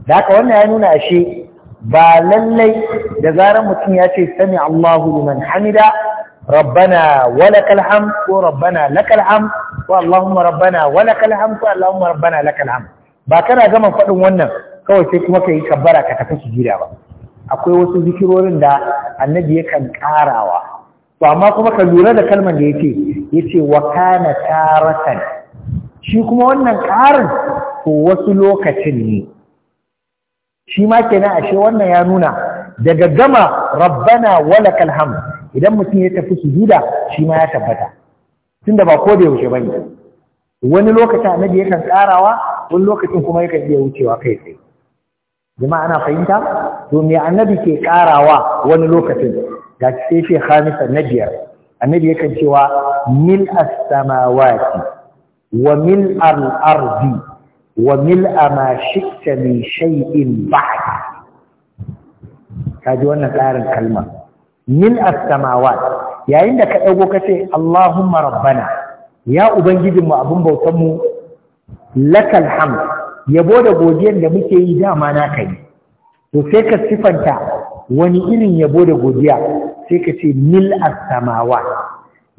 da haka wannan ya nuna ashe ba lallai da zarar mutum ya ce sami Allahu liman hamida rabbana walakal hamd ko rabbana lakal hamd ko allahumma rabbana walakal hamd ko allahumma ba kana gama faɗin wannan kawai sai kuma ka yi kabbara ka tafi sujuda ba akwai wasu zikirorin da annabi yakan karawa to amma kuma ka lura da kalmar da yake yace wa kana taratan shi kuma wannan karin to wasu lokacin ne shi ma kenan ashe wannan ya nuna daga gama rabbana walakal hamd idan mutum ya tafi sujuda shi ma ya tabbata tunda ba ko da yaushe bane wani lokacin annabi yakan karawa wani lokacin kuma yakan iya wucewa kai tsaye jama'a ana fahimta to me annabi ke karawa wani lokacin ga sai shi khamis annabiyar annabi yakan cewa mil as-samawati wa mil al-ardi wa mil ma shi'ta min shay'in ba'd ka ji wannan tsarin kalma min as-samawat yayin da ka dago ka ce Allahumma rabbana ya ubangijin mu abun bautan mu lakal hamd yabo da godiyar da muke yi dama na kai to sai ka sifanta wani irin yabo da godiya sai ka ce mil as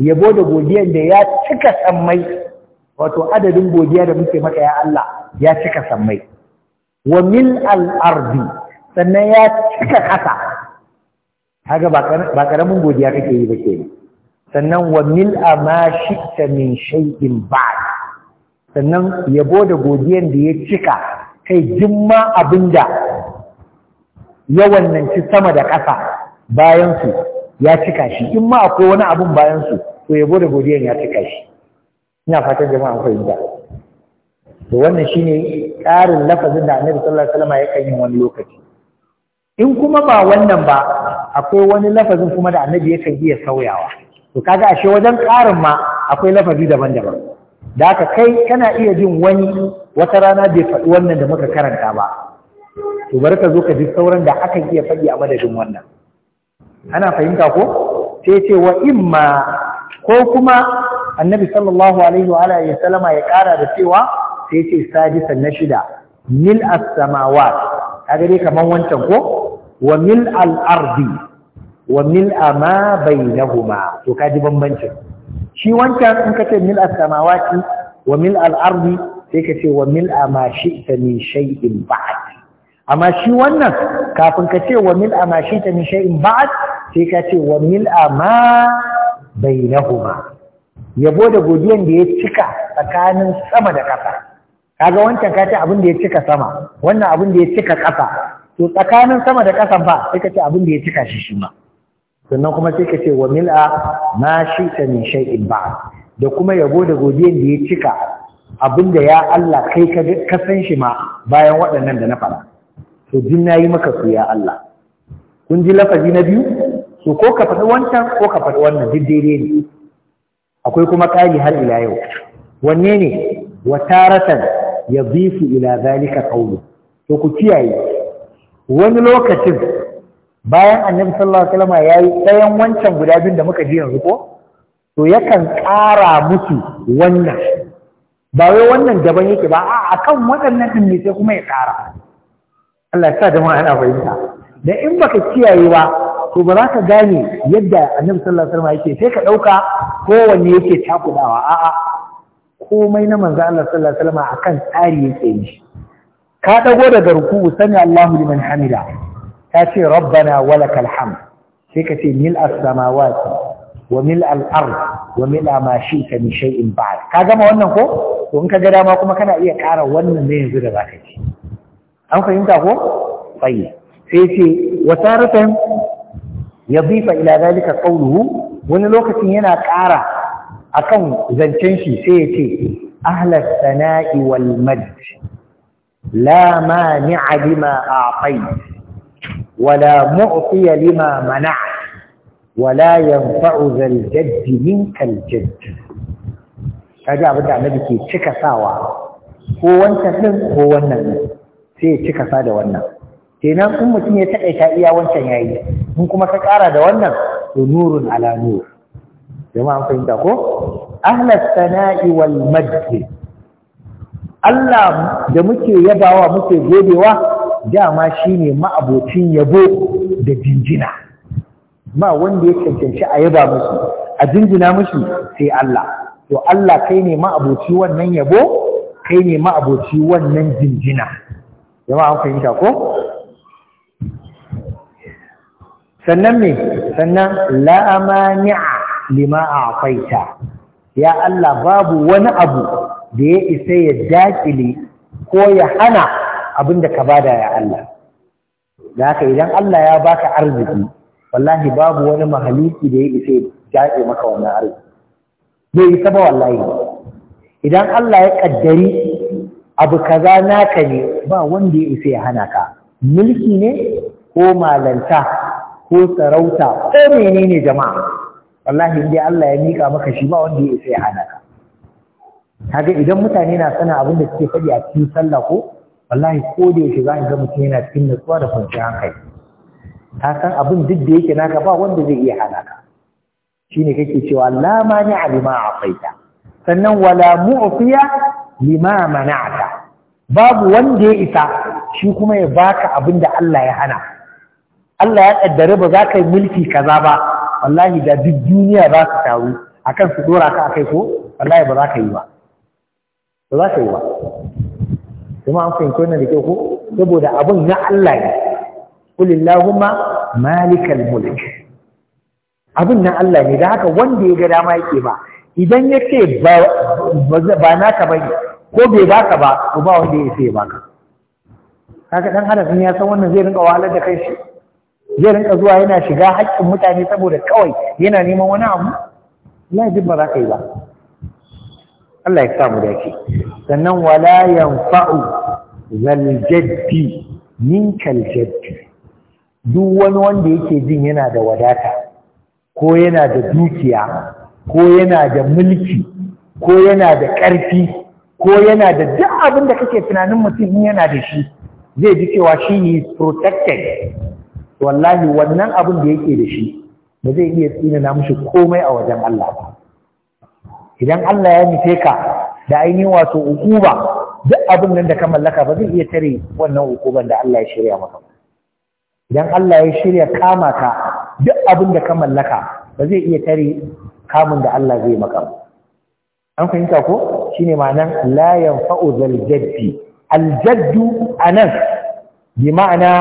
yabo da godiyar da ya cika sammai wato adadin godiya da muke maka ya Allah ya cika sammai wa mil al-ardi sannan ya cika ƙasa haka ba ƙaramin godiya kake yi ba ke sannan wa mil'a ma shi'ta min shaikin ba. sannan yabo da godiyan da ya cika kai jimma abinda yawan nan ci sama da ƙasa bayansu ya cika shi in ma akwai wani abin bayansu to yabo da godiyan ya cika shi ina fatan jama'a da to wannan shine ƙarin lafazin da Annabi sallallahu alaihi wasallam ya kan yi wani lokaci in kuma ba wannan ba akwai wani lafazin kuma da annabi ya kai iya sauyawa to kaga ashe wajen ƙarin ma akwai lafazi daban-daban da ka kai kana iya jin wani wata rana bai faɗi wannan da muka karanta ba to bari ka zo ka ji sauran da aka iya faɗi a madadin wannan ana fahimta ko sai ce wa imma ko kuma annabi sallallahu alaihi wa alihi sallama ya kara da cewa sai ce sadisan na shida mil as-samawat kaga dai kaman wancan ko wa mil al ardi wa mil ama bainahuma to kaji bambancin shi wancan in kace mil as samawati wa mil al ardi sai kace wa mil ama shi'ta min shay'in ba'd amma shi wannan kafin ka ce wa mil ama shi'ta min shay'in ba'd sai ka ce wa mil ama bainahuma yabo da godiyan da ya cika tsakanin sama da ƙasa kaga wancan ka ce abin da ya cika sama wannan abin da ya cika ƙasa to tsakanin sama da ƙasan ba sai ka ce abin da ya cika shi shi ma sannan kuma sai ka ce wa mil'a ma shi ta min shay'in ba da kuma yabo da godiyan da ya cika abin da ya Allah kai ka san shi ma bayan waɗannan da na faɗa to din nayi maka su ya Allah kun ji lafazi na biyu to ko ka faɗi wancan ko ka faɗi wannan duk daidai ne akwai kuma ƙari har ila yau wanne ne wa taratan yadhifu ila zalika qawlu to ku kiyaye wani lokacin bayan annabi sallallahu alaihi wasallam yayi ɗayan wancan guda biyun da muka ji yanzu ko to yakan ƙara musu wannan ba wai wannan daban yake ba a akan waɗannan din ne sai kuma ya ƙara Allah ya sa jama'a ana fahimta da in baka kiyaye ba to ba za ka gane yadda annabi sallallahu alaihi wasallam yake sai ka ɗauka kowanne yake takudawa a'a komai na manzo Allah sallallahu alaihi wasallam akan tsari yake yi ka dago daga ruku'u sani Allahu liman hamida ta ce rabbana walakal hamd sai ka ce mil as-samawati wa mil al-ard wa mil ma shi'ta min shay'in ba'd ka gama wannan ko to in ka ga dama kuma kana iya ƙara wannan ne yanzu da zaka ci an fahimta ko tsayi sai ce wa taratan yadifa ila zalika qawluhu wani lokacin yana ƙara akan zancen shi sai ya ce ahlas sana'i wal majd la mani'a lima a'tai wala mu'tiya lima mana'a wala yanfa'u zal jadd minkal jadd kaga abin da annabi ke cika sawa ko wancan din ko wannan din sai ya cika sa da wannan kenan in mutum ya taƙaita iya wancan yayi in kuma ka ƙara da wannan to nurun ala nur jama'a an fahimta ko ahlas sana'i wal majd Allah da muke yabawa muke godewa dama shine ma'abocin yabo da jinjina ma wanda ya cancanci a yaba musu a jinjina musu sai Allah to Allah kai ne ma'aboci wannan yabo kai ne ma'aboci wannan jinjina jama'a an fahimta ko sannan me sannan la amani'a lima a'taita ya Allah babu wani abu da ya isa ya daƙile ko ya hana abin da ka bada ya Allah da haka idan Allah ya baka arziki wallahi babu wani mahaliki da ya isa ya daƙe maka wannan arziki bai isa ba wallahi idan Allah ya ƙaddari abu kaza naka ne ba wanda ya isa ya hana ka mulki ne ko malanta ko sarauta ko menene jama'a wallahi inda Allah ya mika maka shi ba wanda ya isa ya hana ka kaga idan mutane na sana abin da suke fadi a cikin sallah ko wallahi ko da yake za ka ga mutum yana cikin nutsuwa da kwanciyar hankali ka san abin duk da yake naka ba wanda zai iya hana ka shine kake cewa la mani alima afaita sannan wala mu'fiya lima mana'ta babu wanda ya isa shi kuma ya baka abin da Allah ya hana Allah ya kaddare ba za ka yi mulki kaza ba wallahi da duk duniya za su taru kan su dora ka kai ko wallahi ba za ka yi ba ba za ka yi ba kuma an fahimci wannan da ke ko saboda abun na Allah ne kulillahumma malikal mulk abun na Allah ne da haka wanda ya ga dama yake ba idan ya ce ba naka ba ko bai ka ba ko ba wanda ya ce ka kaga dan adam in ya san wannan zai rinka wahalar da kai shi zai rinka zuwa yana shiga haƙƙin mutane saboda kawai yana neman wani abu ya ji ba za ka yi ba Allah ya samu dace sannan wala yanfa'u zal jaddi kal jaddi duk wani wanda yake jin yana da wadata ko yana da dukiya ko yana da mulki ko yana da ƙarfi ko yana da duk abin da kake tunanin mutum in yana da shi zai ji cewa shi ne protected wallahi wannan abin da yake da shi ba zai iya tsinana mushi komai a wajen Allah ba idan Allah ya nufe ka da ainihin wato ukuba duk abin nan da ka mallaka ba zai iya tare wannan ukuban da Allah ya shirya maka idan Allah ya shirya kama ka duk abin da ka mallaka ba zai iya tare kamun da Allah zai maka an fahimta ko shine ma'anan la yanfa'u zal jaddi al jaddu anan bi ma'ana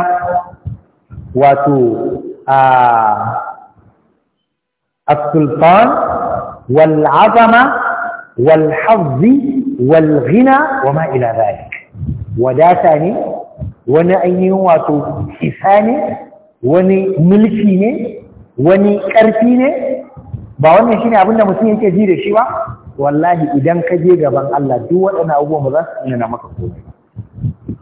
wato a walazama والعظمة والحظ والغنى وما إلى Wadata ne, wani ainihin wato isa ne wani mulki ne wani ƙarfi ne ba wannan shine abinda mutum yake ji da shi ba wallahi idan ka je gaban Allah duk waɗannan abubuwan ba za su nuna maka komai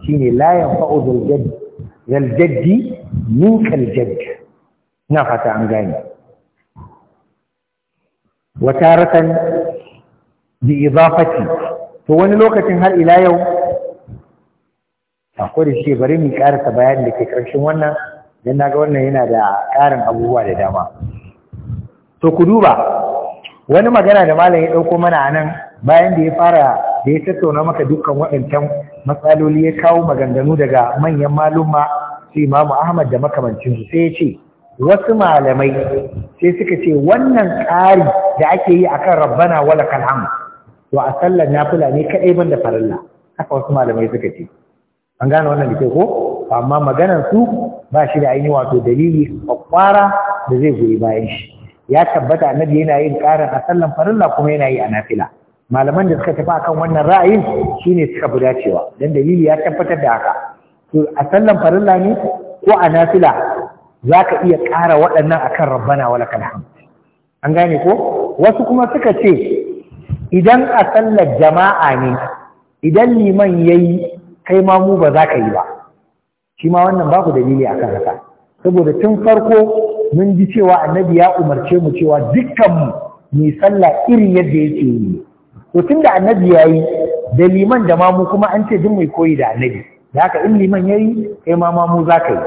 shine layan yanfa'u dhul yaljaddi min kaljadd na fata an gane wataratan bi idafati to wani lokacin har ila yau akwai da shi bari mu karasa bayanin da ke karshen wannan dan naga wannan yana da karin abubuwa da dama to ku duba wani magana da malam ya ɗauko mana anan bayan da ya fara da ya tattauna maka dukkan waɗancan matsaloli ya kawo maganganu daga manyan maluma su imamu ahmad da makamancinsu sai ya ce wasu malamai sai suka ce wannan ƙari da ake yi a kan rabbana wala kalham to a sallar nafula ne kaɗai ban da farilla haka wasu malamai suka ce an gane wannan da ke ko amma maganar su ba shi da ainihi wato dalili kwakwara da zai goyi bayan shi ya tabbata annabi yana yin ƙarin a sallan farilla kuma yana yi a nafila malaman da suka tafi akan wannan ra'ayin shine suka fi dacewa dan dalili ya tabbatar da haka to a sallan farilla ne ko a nafila za ka iya ƙara waɗannan a kan rabbana wa lakal an gane ko wasu kuma suka ce idan a sallar jama'a ne idan liman ya yi kai ma mu ba za ka yi ba shi ma wannan babu dalili a kan haka saboda tun farko mun ji cewa annabi ya umarce mu cewa dukkan mu mai sallah irin yadda yake yi to tun da annabi ya yi da liman da ma kuma an ce duk mai koyi da annabi da haka in liman ya yi kai ma mu za ka yi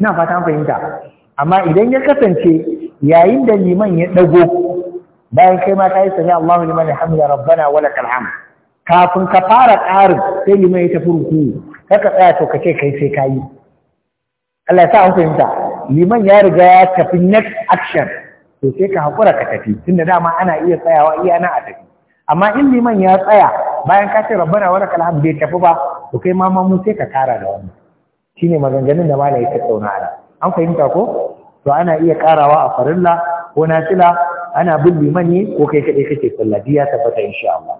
ina fata fahimta amma idan ya kasance yayin da liman ya dago bayan kai ma ka yi sami Allahu liman alhamdu rabbana wa lakal hamd kafin ka fara ƙarin sai liman ya tafi ruku kaka tsaya to ka ce kai sai ka yi Allah ya sa an fahimta liman ya riga ya tafi next action to sai ka haƙura ka tafi tunda dama ana iya tsayawa iya nan a tafi amma in liman ya tsaya bayan ka ce rabbana wa lakal hamd bai tafi ba to kai ma mamu sai ka kara da wannan shine maganganun da malai ta tsauna ala an fahimta ko to ana iya karawa a farilla ko na sila, ana bin liman ne ko kai kade kake sallah biya tabbata insha Allah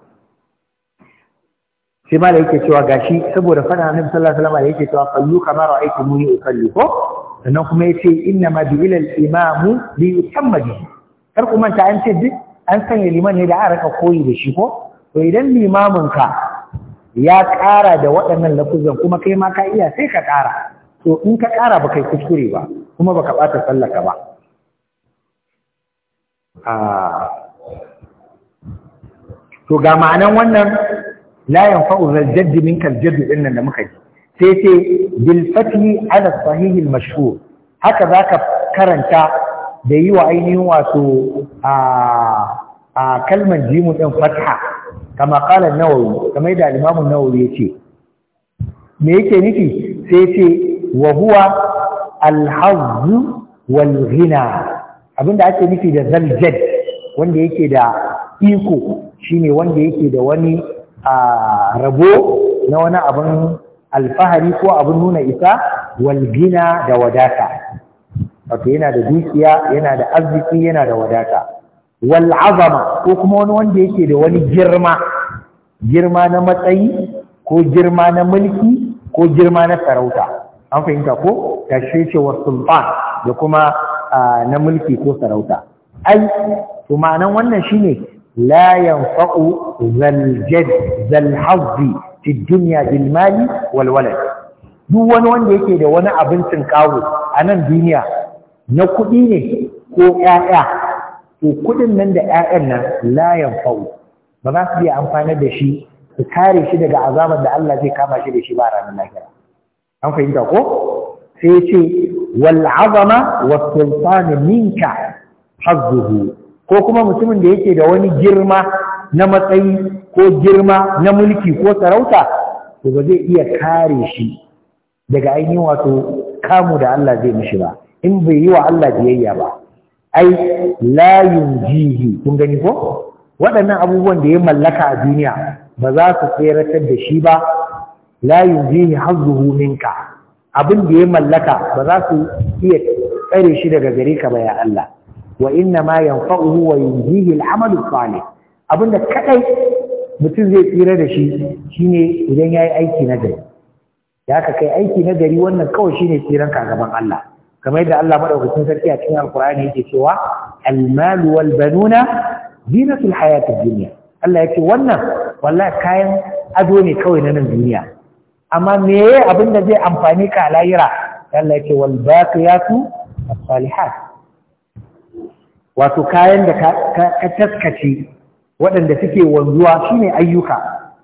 sai malai yake cewa gashi saboda fada nan sallallahu alaihi wasallam yake cewa sallu kama ra'aytumuni usalli ko sannan kuma yace inna ma bi ilal imam li yutamma bihi kar ku manta an ce duk an sanya liman ne da a raka koyi da shi ko to idan limaminka ya ƙara da waɗannan lafuzan kuma kai ma ka iya sai ka ƙara to in ka ƙara ba kai kuskure ba kuma baka ɓata sallaka ba ah. to ga ma'anan wannan layan fa'uzar jaddi min jaddi ɗin nan da muka ji sai sai bilfati ala sahihin mashhur haka za ka karanta da yi wa ainihin wato ah, a kalmar jimu ɗin fatha kama ƙalar nawari kamar da limamun nawari ya ce me yake nufi sai ce wa huwa alhazzu wal abinda ake nufi da zaljad wanda yake da iko shine wanda yake da wani rabo na wani abin alfahari ko abin nuna isa wal da wadata wato yana da dukiya yana da arziki yana da wadata Wal'azama ko kuma wani wanda yake da wani girma girma na matsayi ko girma na mulki ko girma na sarauta an fahimta ko tashe ce wa da kuma na mulki ko sarauta ai to wannan shine ne layan zal jadd zal hazzi fi dunya duk wani wanda yake da wani abincin kawo a nan duniya na kuɗi ne ko yaya to kudin nan da 'ya'yan nan layan fau ba za su iya amfani da shi su kare shi daga azabar da Allah zai kama shi da shi ba ranar lahira an fahimta ko sai ce wal azama was sultan minka hazzuhu ko kuma mutumin da yake da wani girma na matsayi ko girma na mulki ko sarauta to ba zai iya kare shi daga ainihin wato kamu da Allah zai mishi ba in bai yi wa Allah biyayya ba ai layin jihi kun gani ko waɗannan abubuwan da ya mallaka a duniya ba za su tseratar da shi ba Layin jihi har minka abin da ya mallaka ba za su iya tsare shi daga gare ka ba ya Allah wa inna ma yanfa'uhu wa yin jihi amalu salih abin da kadai mutum zai tsira da shi shine idan yayi aiki na gari ya ka kai aiki na gari wannan kawai shine tsiranka ka gaban Allah kamar yadda Allah madaukakin sarki a cikin alkur'ani yake cewa almal wal banuna zinatul hayatid dunya Allah yake wannan wallahi kayan ado ne kawai na nan duniya amma meye abin da zai amfani ka a lahira Allah yake wal baqiyatu as-salihat wato kayan da ka taskace waɗanda suke wanzuwa shine ayyuka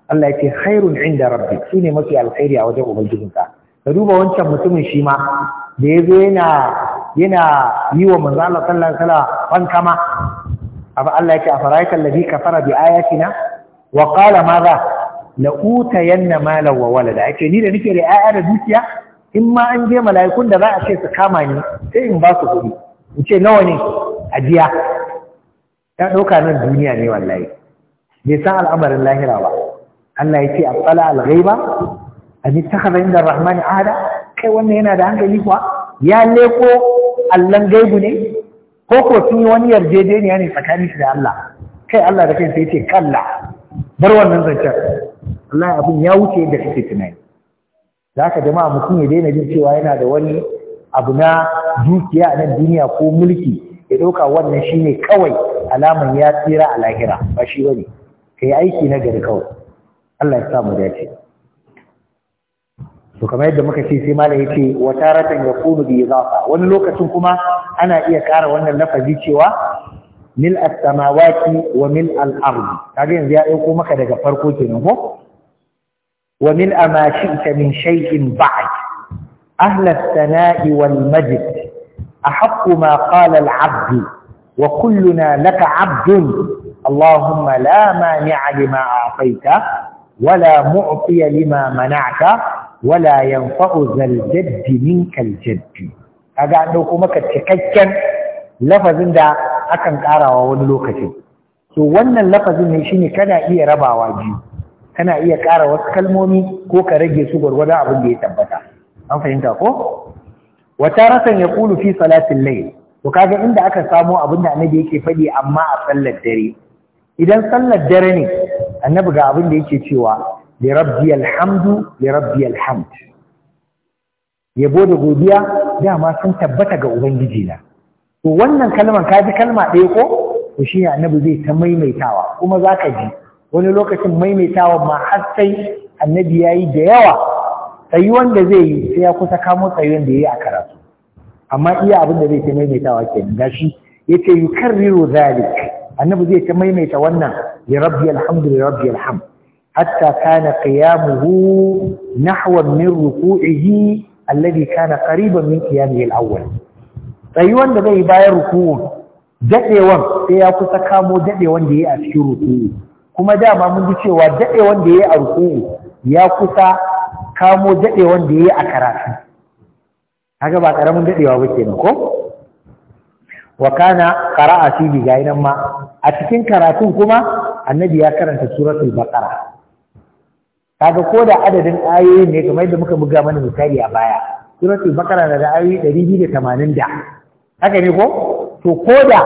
Allah yake khairun inda rabbi shine mafi alkhairi a wajen ubangijinka ka duba wancan mutumin shi ma da ya zo yana yana yi wa manzo Allah sallallahu alaihi wasallam fankama abu Allah yake afaraika allazi kafara bi ayatina wa qala madha la yanna malan wa walada yake ni da nake da ayya da dukiya in ma an je mala'ikun da za a ce su kama ni sai in ba su kuɗi in ce nawa ne ajiya ya ɗauka nan duniya ne wallahi bai san al'amarin lahira ba Allah ya ce a tsala alghaiba an ittakhadha inda ar-rahmani ahada kai wannan yana da hankali kuwa ya leko allan gaibu ne ko ko sun yi wani yarjejeniya ne tsakanin shi da Allah kai Allah da kai sai ce kalla bar wannan zancen Allah abin ya wuce da kake tunani za ka jama'a mutum ya daina jin cewa yana da wani abu na dukiya a nan duniya ko mulki ya ɗauka wannan shi ne kawai alaman ya tsira a lahira ba shi ba ne ka yi aiki na gari kawai Allah ya samu dace. to kamar yadda muka ce sai malai yace wa taratan yakunu bi idafa wani lokacin kuma ana iya ƙara wannan lafazi cewa mil as-samawati wa mil al-ard kage yanzu ya dauko maka daga farko kenan ko wa min amashi min shay'in ba'd ahla as-sana'i wal majd ahaqqu ma qala al-'abd wa kulluna laka 'abdun اللهم لا مانع لما أعطيت ولا معطي لما منعت wala yanfa'u zal jaddi jaddi kaga an dauko maka cikakken lafazin da akan karawa wani lokacin to wannan lafazin ne shine kana iya rabawa biyu kana iya ƙara wasu kalmomi ko ka rage su gwargwadon abin da ya tabbata an fahimta ko wata rasan ya kulu fi salatin layl to kaga inda aka samo abin da annabi yake faɗi amma a sallar dare idan sallar dare ne annabi ga abin da yake cewa li rabbiyal hamdu li rabbiyal hamd yabo da godiya dama sun tabbata ga ubangiji na to wannan kalman kaji kalma ɗaya ko to shi annabi zai ta maimaitawa kuma za ka ji wani lokacin maimaitawa ma har sai annabi ya yi da yawa tsayuwan wanda zai yi sai ya kusa kamo tsayuwan da ya yi a karatu amma iya abin da zai ta maimaitawa ke ga shi ya yi zalik annabi zai ta maimaita wannan ya rabbi alhamdu ya rabbi alhamdu hatta kana qiyamuhu nahwan min ruku'ihi alladhi kana qariban min qiyamihi al-awwal tsayuwan da zai bayan ruku'un dadewan sai ya kusa kamo dadewan da yayi a cikin ruku'u kuma dama mun ji cewa dadewan da yayi a ruku'u ya kusa kamo dadewan da yayi a karatu kaga ba ƙaramin dadewa ba kenan ko wa kana qara'a fi bigainan ma a cikin karatun kuma annabi ya karanta suratul baqara kaga ko da adadin ayoyin ne kamar yadda muka buga mana misali a baya suratul bakara na da ayoyi ɗari biyu da tamanin da haka ne ko to ko da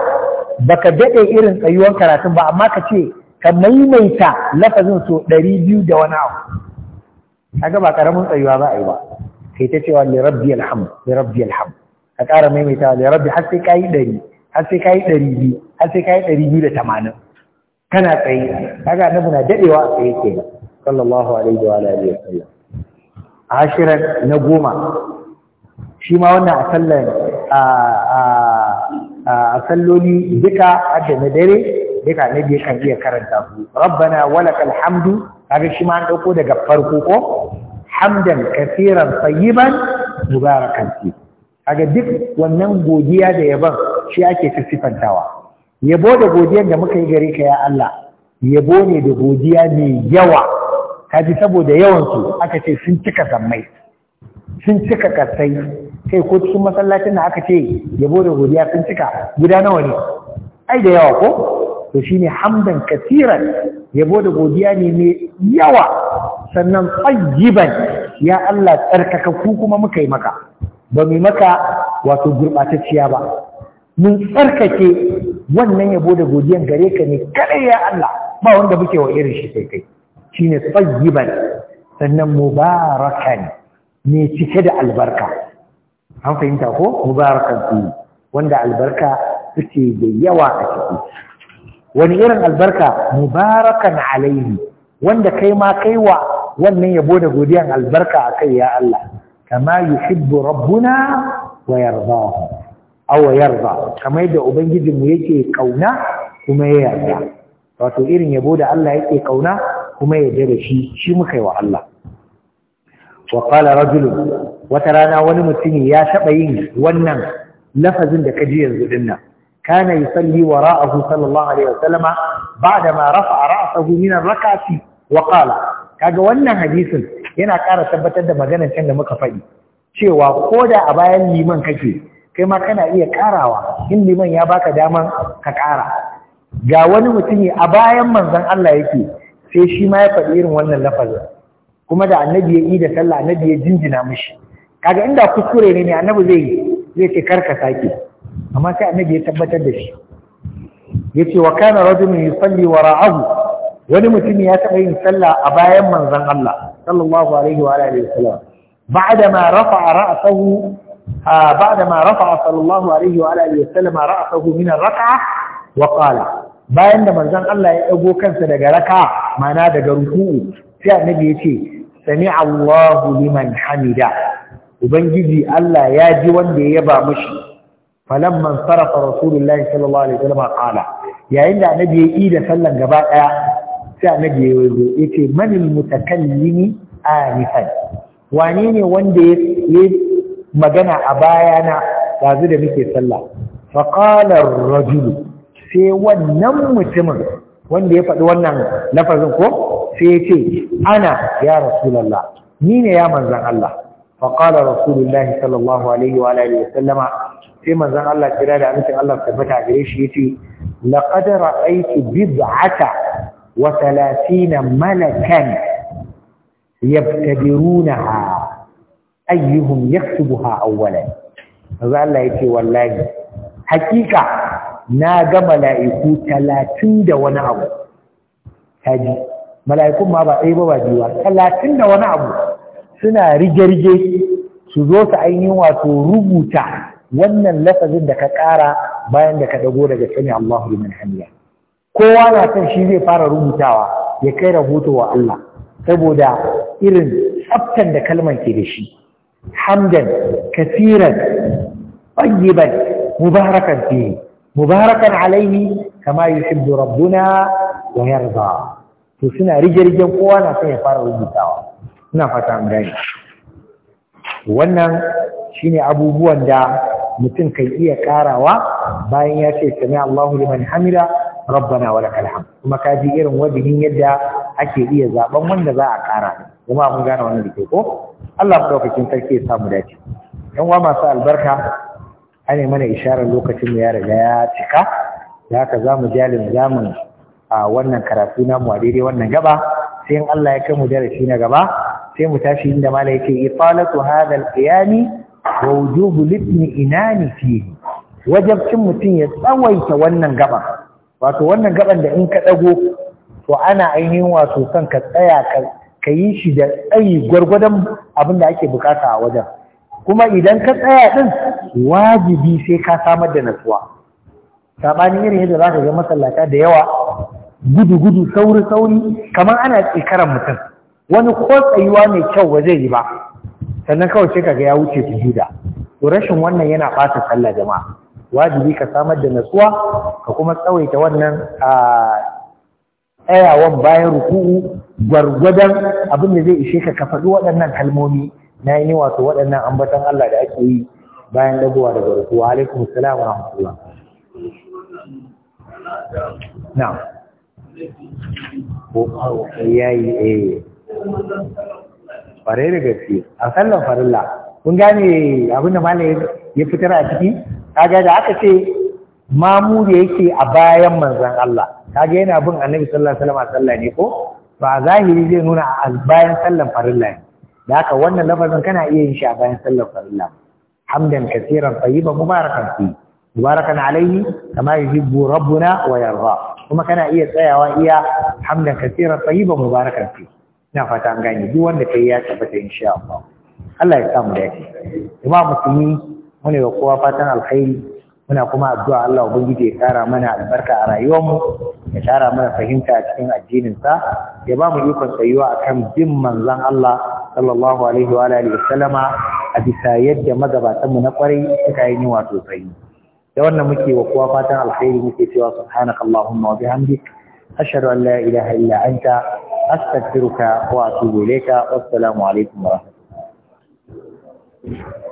baka daɗe irin tsayuwar karatun ba amma ka ce ka maimaita lafazin so ɗari biyu da wani abu kaga ba karamin tsayuwa ba a yi ba kai ta cewa li rabbi alham li rabbi alham ka ƙara maimaita li rabbi har sai kayi ɗari har sai kayi ɗari biyu har sai kayi ɗari biyu da tamanin kana tsaye kaga annabi na daɗewa a tsaye kenan sallallahu alaihi wa alihi wa ashiran na goma shi ma wannan a sallan a salloli duka na dare duka na biyu kan iya karanta su rabbana walakal hamdu kaga shi ma an dauko daga farko ko hamdan kaseeran tayyiban mubarakan fi kaga duk wannan godiya da yaban shi ake sifantawa yabo da godiyar da muka yi gare ka ya Allah yabo ne da godiya mai yawa kaji saboda yawansu aka ce sun cika zammai sun cika kasai sai ko cikin masallacin da aka ce yabo da godiya sun cika gida nawa ne ai da yawa ko to shine hamdan kasiran yabo da godiya ne mai yawa sannan tsayyiban ya Allah tsarkaka ku kuma muka yi maka ba mu maka wato gurɓatacciya ba mun tsarkake wannan yabo da godiyan gare ka ne kadai ya Allah ba wanda muke wa irin shi sai kai shine tsayyiban sannan mubarakan ne cike da albarka an fahimta ko mubarakan su wanda albarka suke da yawa a ciki wani irin albarka mubarakan alaihi wanda kai ma kaiwa wannan yabo da godiyan albarka a kai ya Allah kama yuhibbu rabbuna wa yardahu aw yarda kamar da ubangijinmu yake kauna kuma ya yarda wato irin yabo da Allah yake kauna kuma ya da shi shi muka yi wa Allah wa qala rajulu, wata rana wani mutum ya taɓa yin wannan lafazin da ka ji yanzu din nan kana wa ra’ahu sallallahu alaihi ba da ma rafa a min ar-rak'ati wa qala kaga wannan hadisin yana ƙara tabbatar da maganar can da muka faɗi cewa ko da a bayan liman kake kai ma kana iya ƙarawa in liman ya baka daman ka ƙara ga wani mutumi a bayan manzon Allah yake sai shi ma ya faɗi irin wannan lafazin kuma da annabi ya yi da sallah annabi ya jinjina mishi kaga inda kuskure ne ne annabi zai yi zai ce karka sake amma sai annabi ya tabbatar da shi ya ce wa kana rajulun yusalli wara'ahu wani mutum ya taɓa yin sallah a bayan manzon Allah sallallahu alaihi wa alihi wasallam ba'da ma rafa'a ra'sahu ba'da ma rafa'a sallallahu alaihi wa alihi wasallam ra'sahu min ar-rak'a wa qala bayan da manzon Allah ya dago kansa daga raka mana daga ruku'u sai annabi ya ce sami Allahu liman hamida ubangiji Allah ya ji wanda ya yaba "Falan falamman sarafa rasulullahi sallallahu alaihi wasallam qala yayin da annabi ya yi da sallan gaba daya sai annabi ya yi yace manil mutakallimi anifan wane ne wanda ya magana a bayana dazu da muke sallah fa qala rajulu sai wannan mutumin wanda ya faɗi wannan lafazin ko sai ya ce ana ya rasulallah ni ne ya manzan Allah faƙalar rasulullahi sallallahu alaihi wa alaihi wasallama sai manzan Allah kira da amincin Allah tabbata a gare shi ya ce laƙadara aiki bid'ata wa talatina malakan ha ayyuhum yaktubuha awwalan manzan Allah ya ce wallahi hakika na ga mala'iku talatin da wani abu kaji mala'ikun ma ba ɗaya ba ba biyuwa talatin da wani abu suna rige-rige su zo su ainihin wato rubuta wannan lafazin da ka ƙara bayan da ka dago daga sani Allahu liman hamiya kowa na san shi zai fara rubutawa ya kai rahoto wa Allah saboda irin tsaftan da kalman ke da shi hamdan kasiran tayyiban mubarakan fihi mubarakan alaihi kama yuhibbu rabbuna wa yarda to suna rige-rigen kowa na sai ya fara rubutawa suna fata an wannan shine abubuwan da mutum kan iya karawa bayan ya ce sami Allahu liman hamida rabbana wa lakal hamd kuma ka ji irin wajihin yadda ake iya zaɓan wanda za a kara kuma mun gane wannan dake ko Allah madaukakin sarki ya samu dace yan wa masu albarka ane mana isharar lokacin ya riga ya cika da haka za mu jalin zamun a wannan karatu namu a daidai wannan gaba sai in Allah ya kai mu darasi na gaba sai mu tashi inda mala yake ifalatu hadha al-qiyami wa wujubu litni inani fihi cin mutum ya tsawaita wannan gaban wato wannan gaban da in ka dago to ana ainihin wato son ka tsaya ka yi shi da tsayi gwargwadon abin da ake bukata a wajen kuma idan ka tsaya din wajibi sai ka samar da natsuwa saɓanin irin yadda ka ga masallata da yawa gudu gudu sauri sauri kamar ana tsikaran mutum wani ko tsayuwa mai kyau ba zai yi ba sannan kawai sai kaga ya wuce sujuda to rashin wannan yana ɓata sallah jama'a wajibi ka samar da natsuwa ka kuma tsawaita wannan tsayawan bayan ruku'u gwargwadon abin da zai ishe ka ka faɗi waɗannan kalmomi na yi wato waɗannan ambaton Allah da ake yi bayan dagowa daga ruku wa alaikum na wa rahmatullah Na. ko yayi eh fare da gaske a sallan farilla kun gane abin da malam ya fitar a ciki kaga da aka ce mamu da yake a bayan manzan Allah kaga yana bin annabi sallallahu alaihi wasallam sallah ne ko ba zahiri zai nuna a bayan sallan farilla ne da haka wannan lafazin kana iya yin shi a bayan sallan farilla hamdan kaseeran tayyiban mubarakan fi mubarakan alayhi kama yuhibbu rabbuna wa yarda kuma kana iya tsayawa iya hamdan kaseeran tayyiban mubarakan fi ina fata gane duk wanda kai ya in sha Allah Allah ya samu da Ima imam musulmi mune kowa fatan alkhairi muna kuma addu'a Allah ubangiji ya kara mana albarka a rayuwarmu ya kara mana fahimta a cikin addinin sa ya ba mu ikon tsayuwa akan bin manzon Allah sallallahu alaihi wa alihi a bisa yadda magabatan mu na kwarai suka yi niwa sosai da wannan muke wa kowa fatan alkhairi muke cewa subhanaka allahumma wa bihamdik ashhadu an la ilaha illa anta astaghfiruka wa atubu ilayka wassalamu alaikum wa rahmatullahi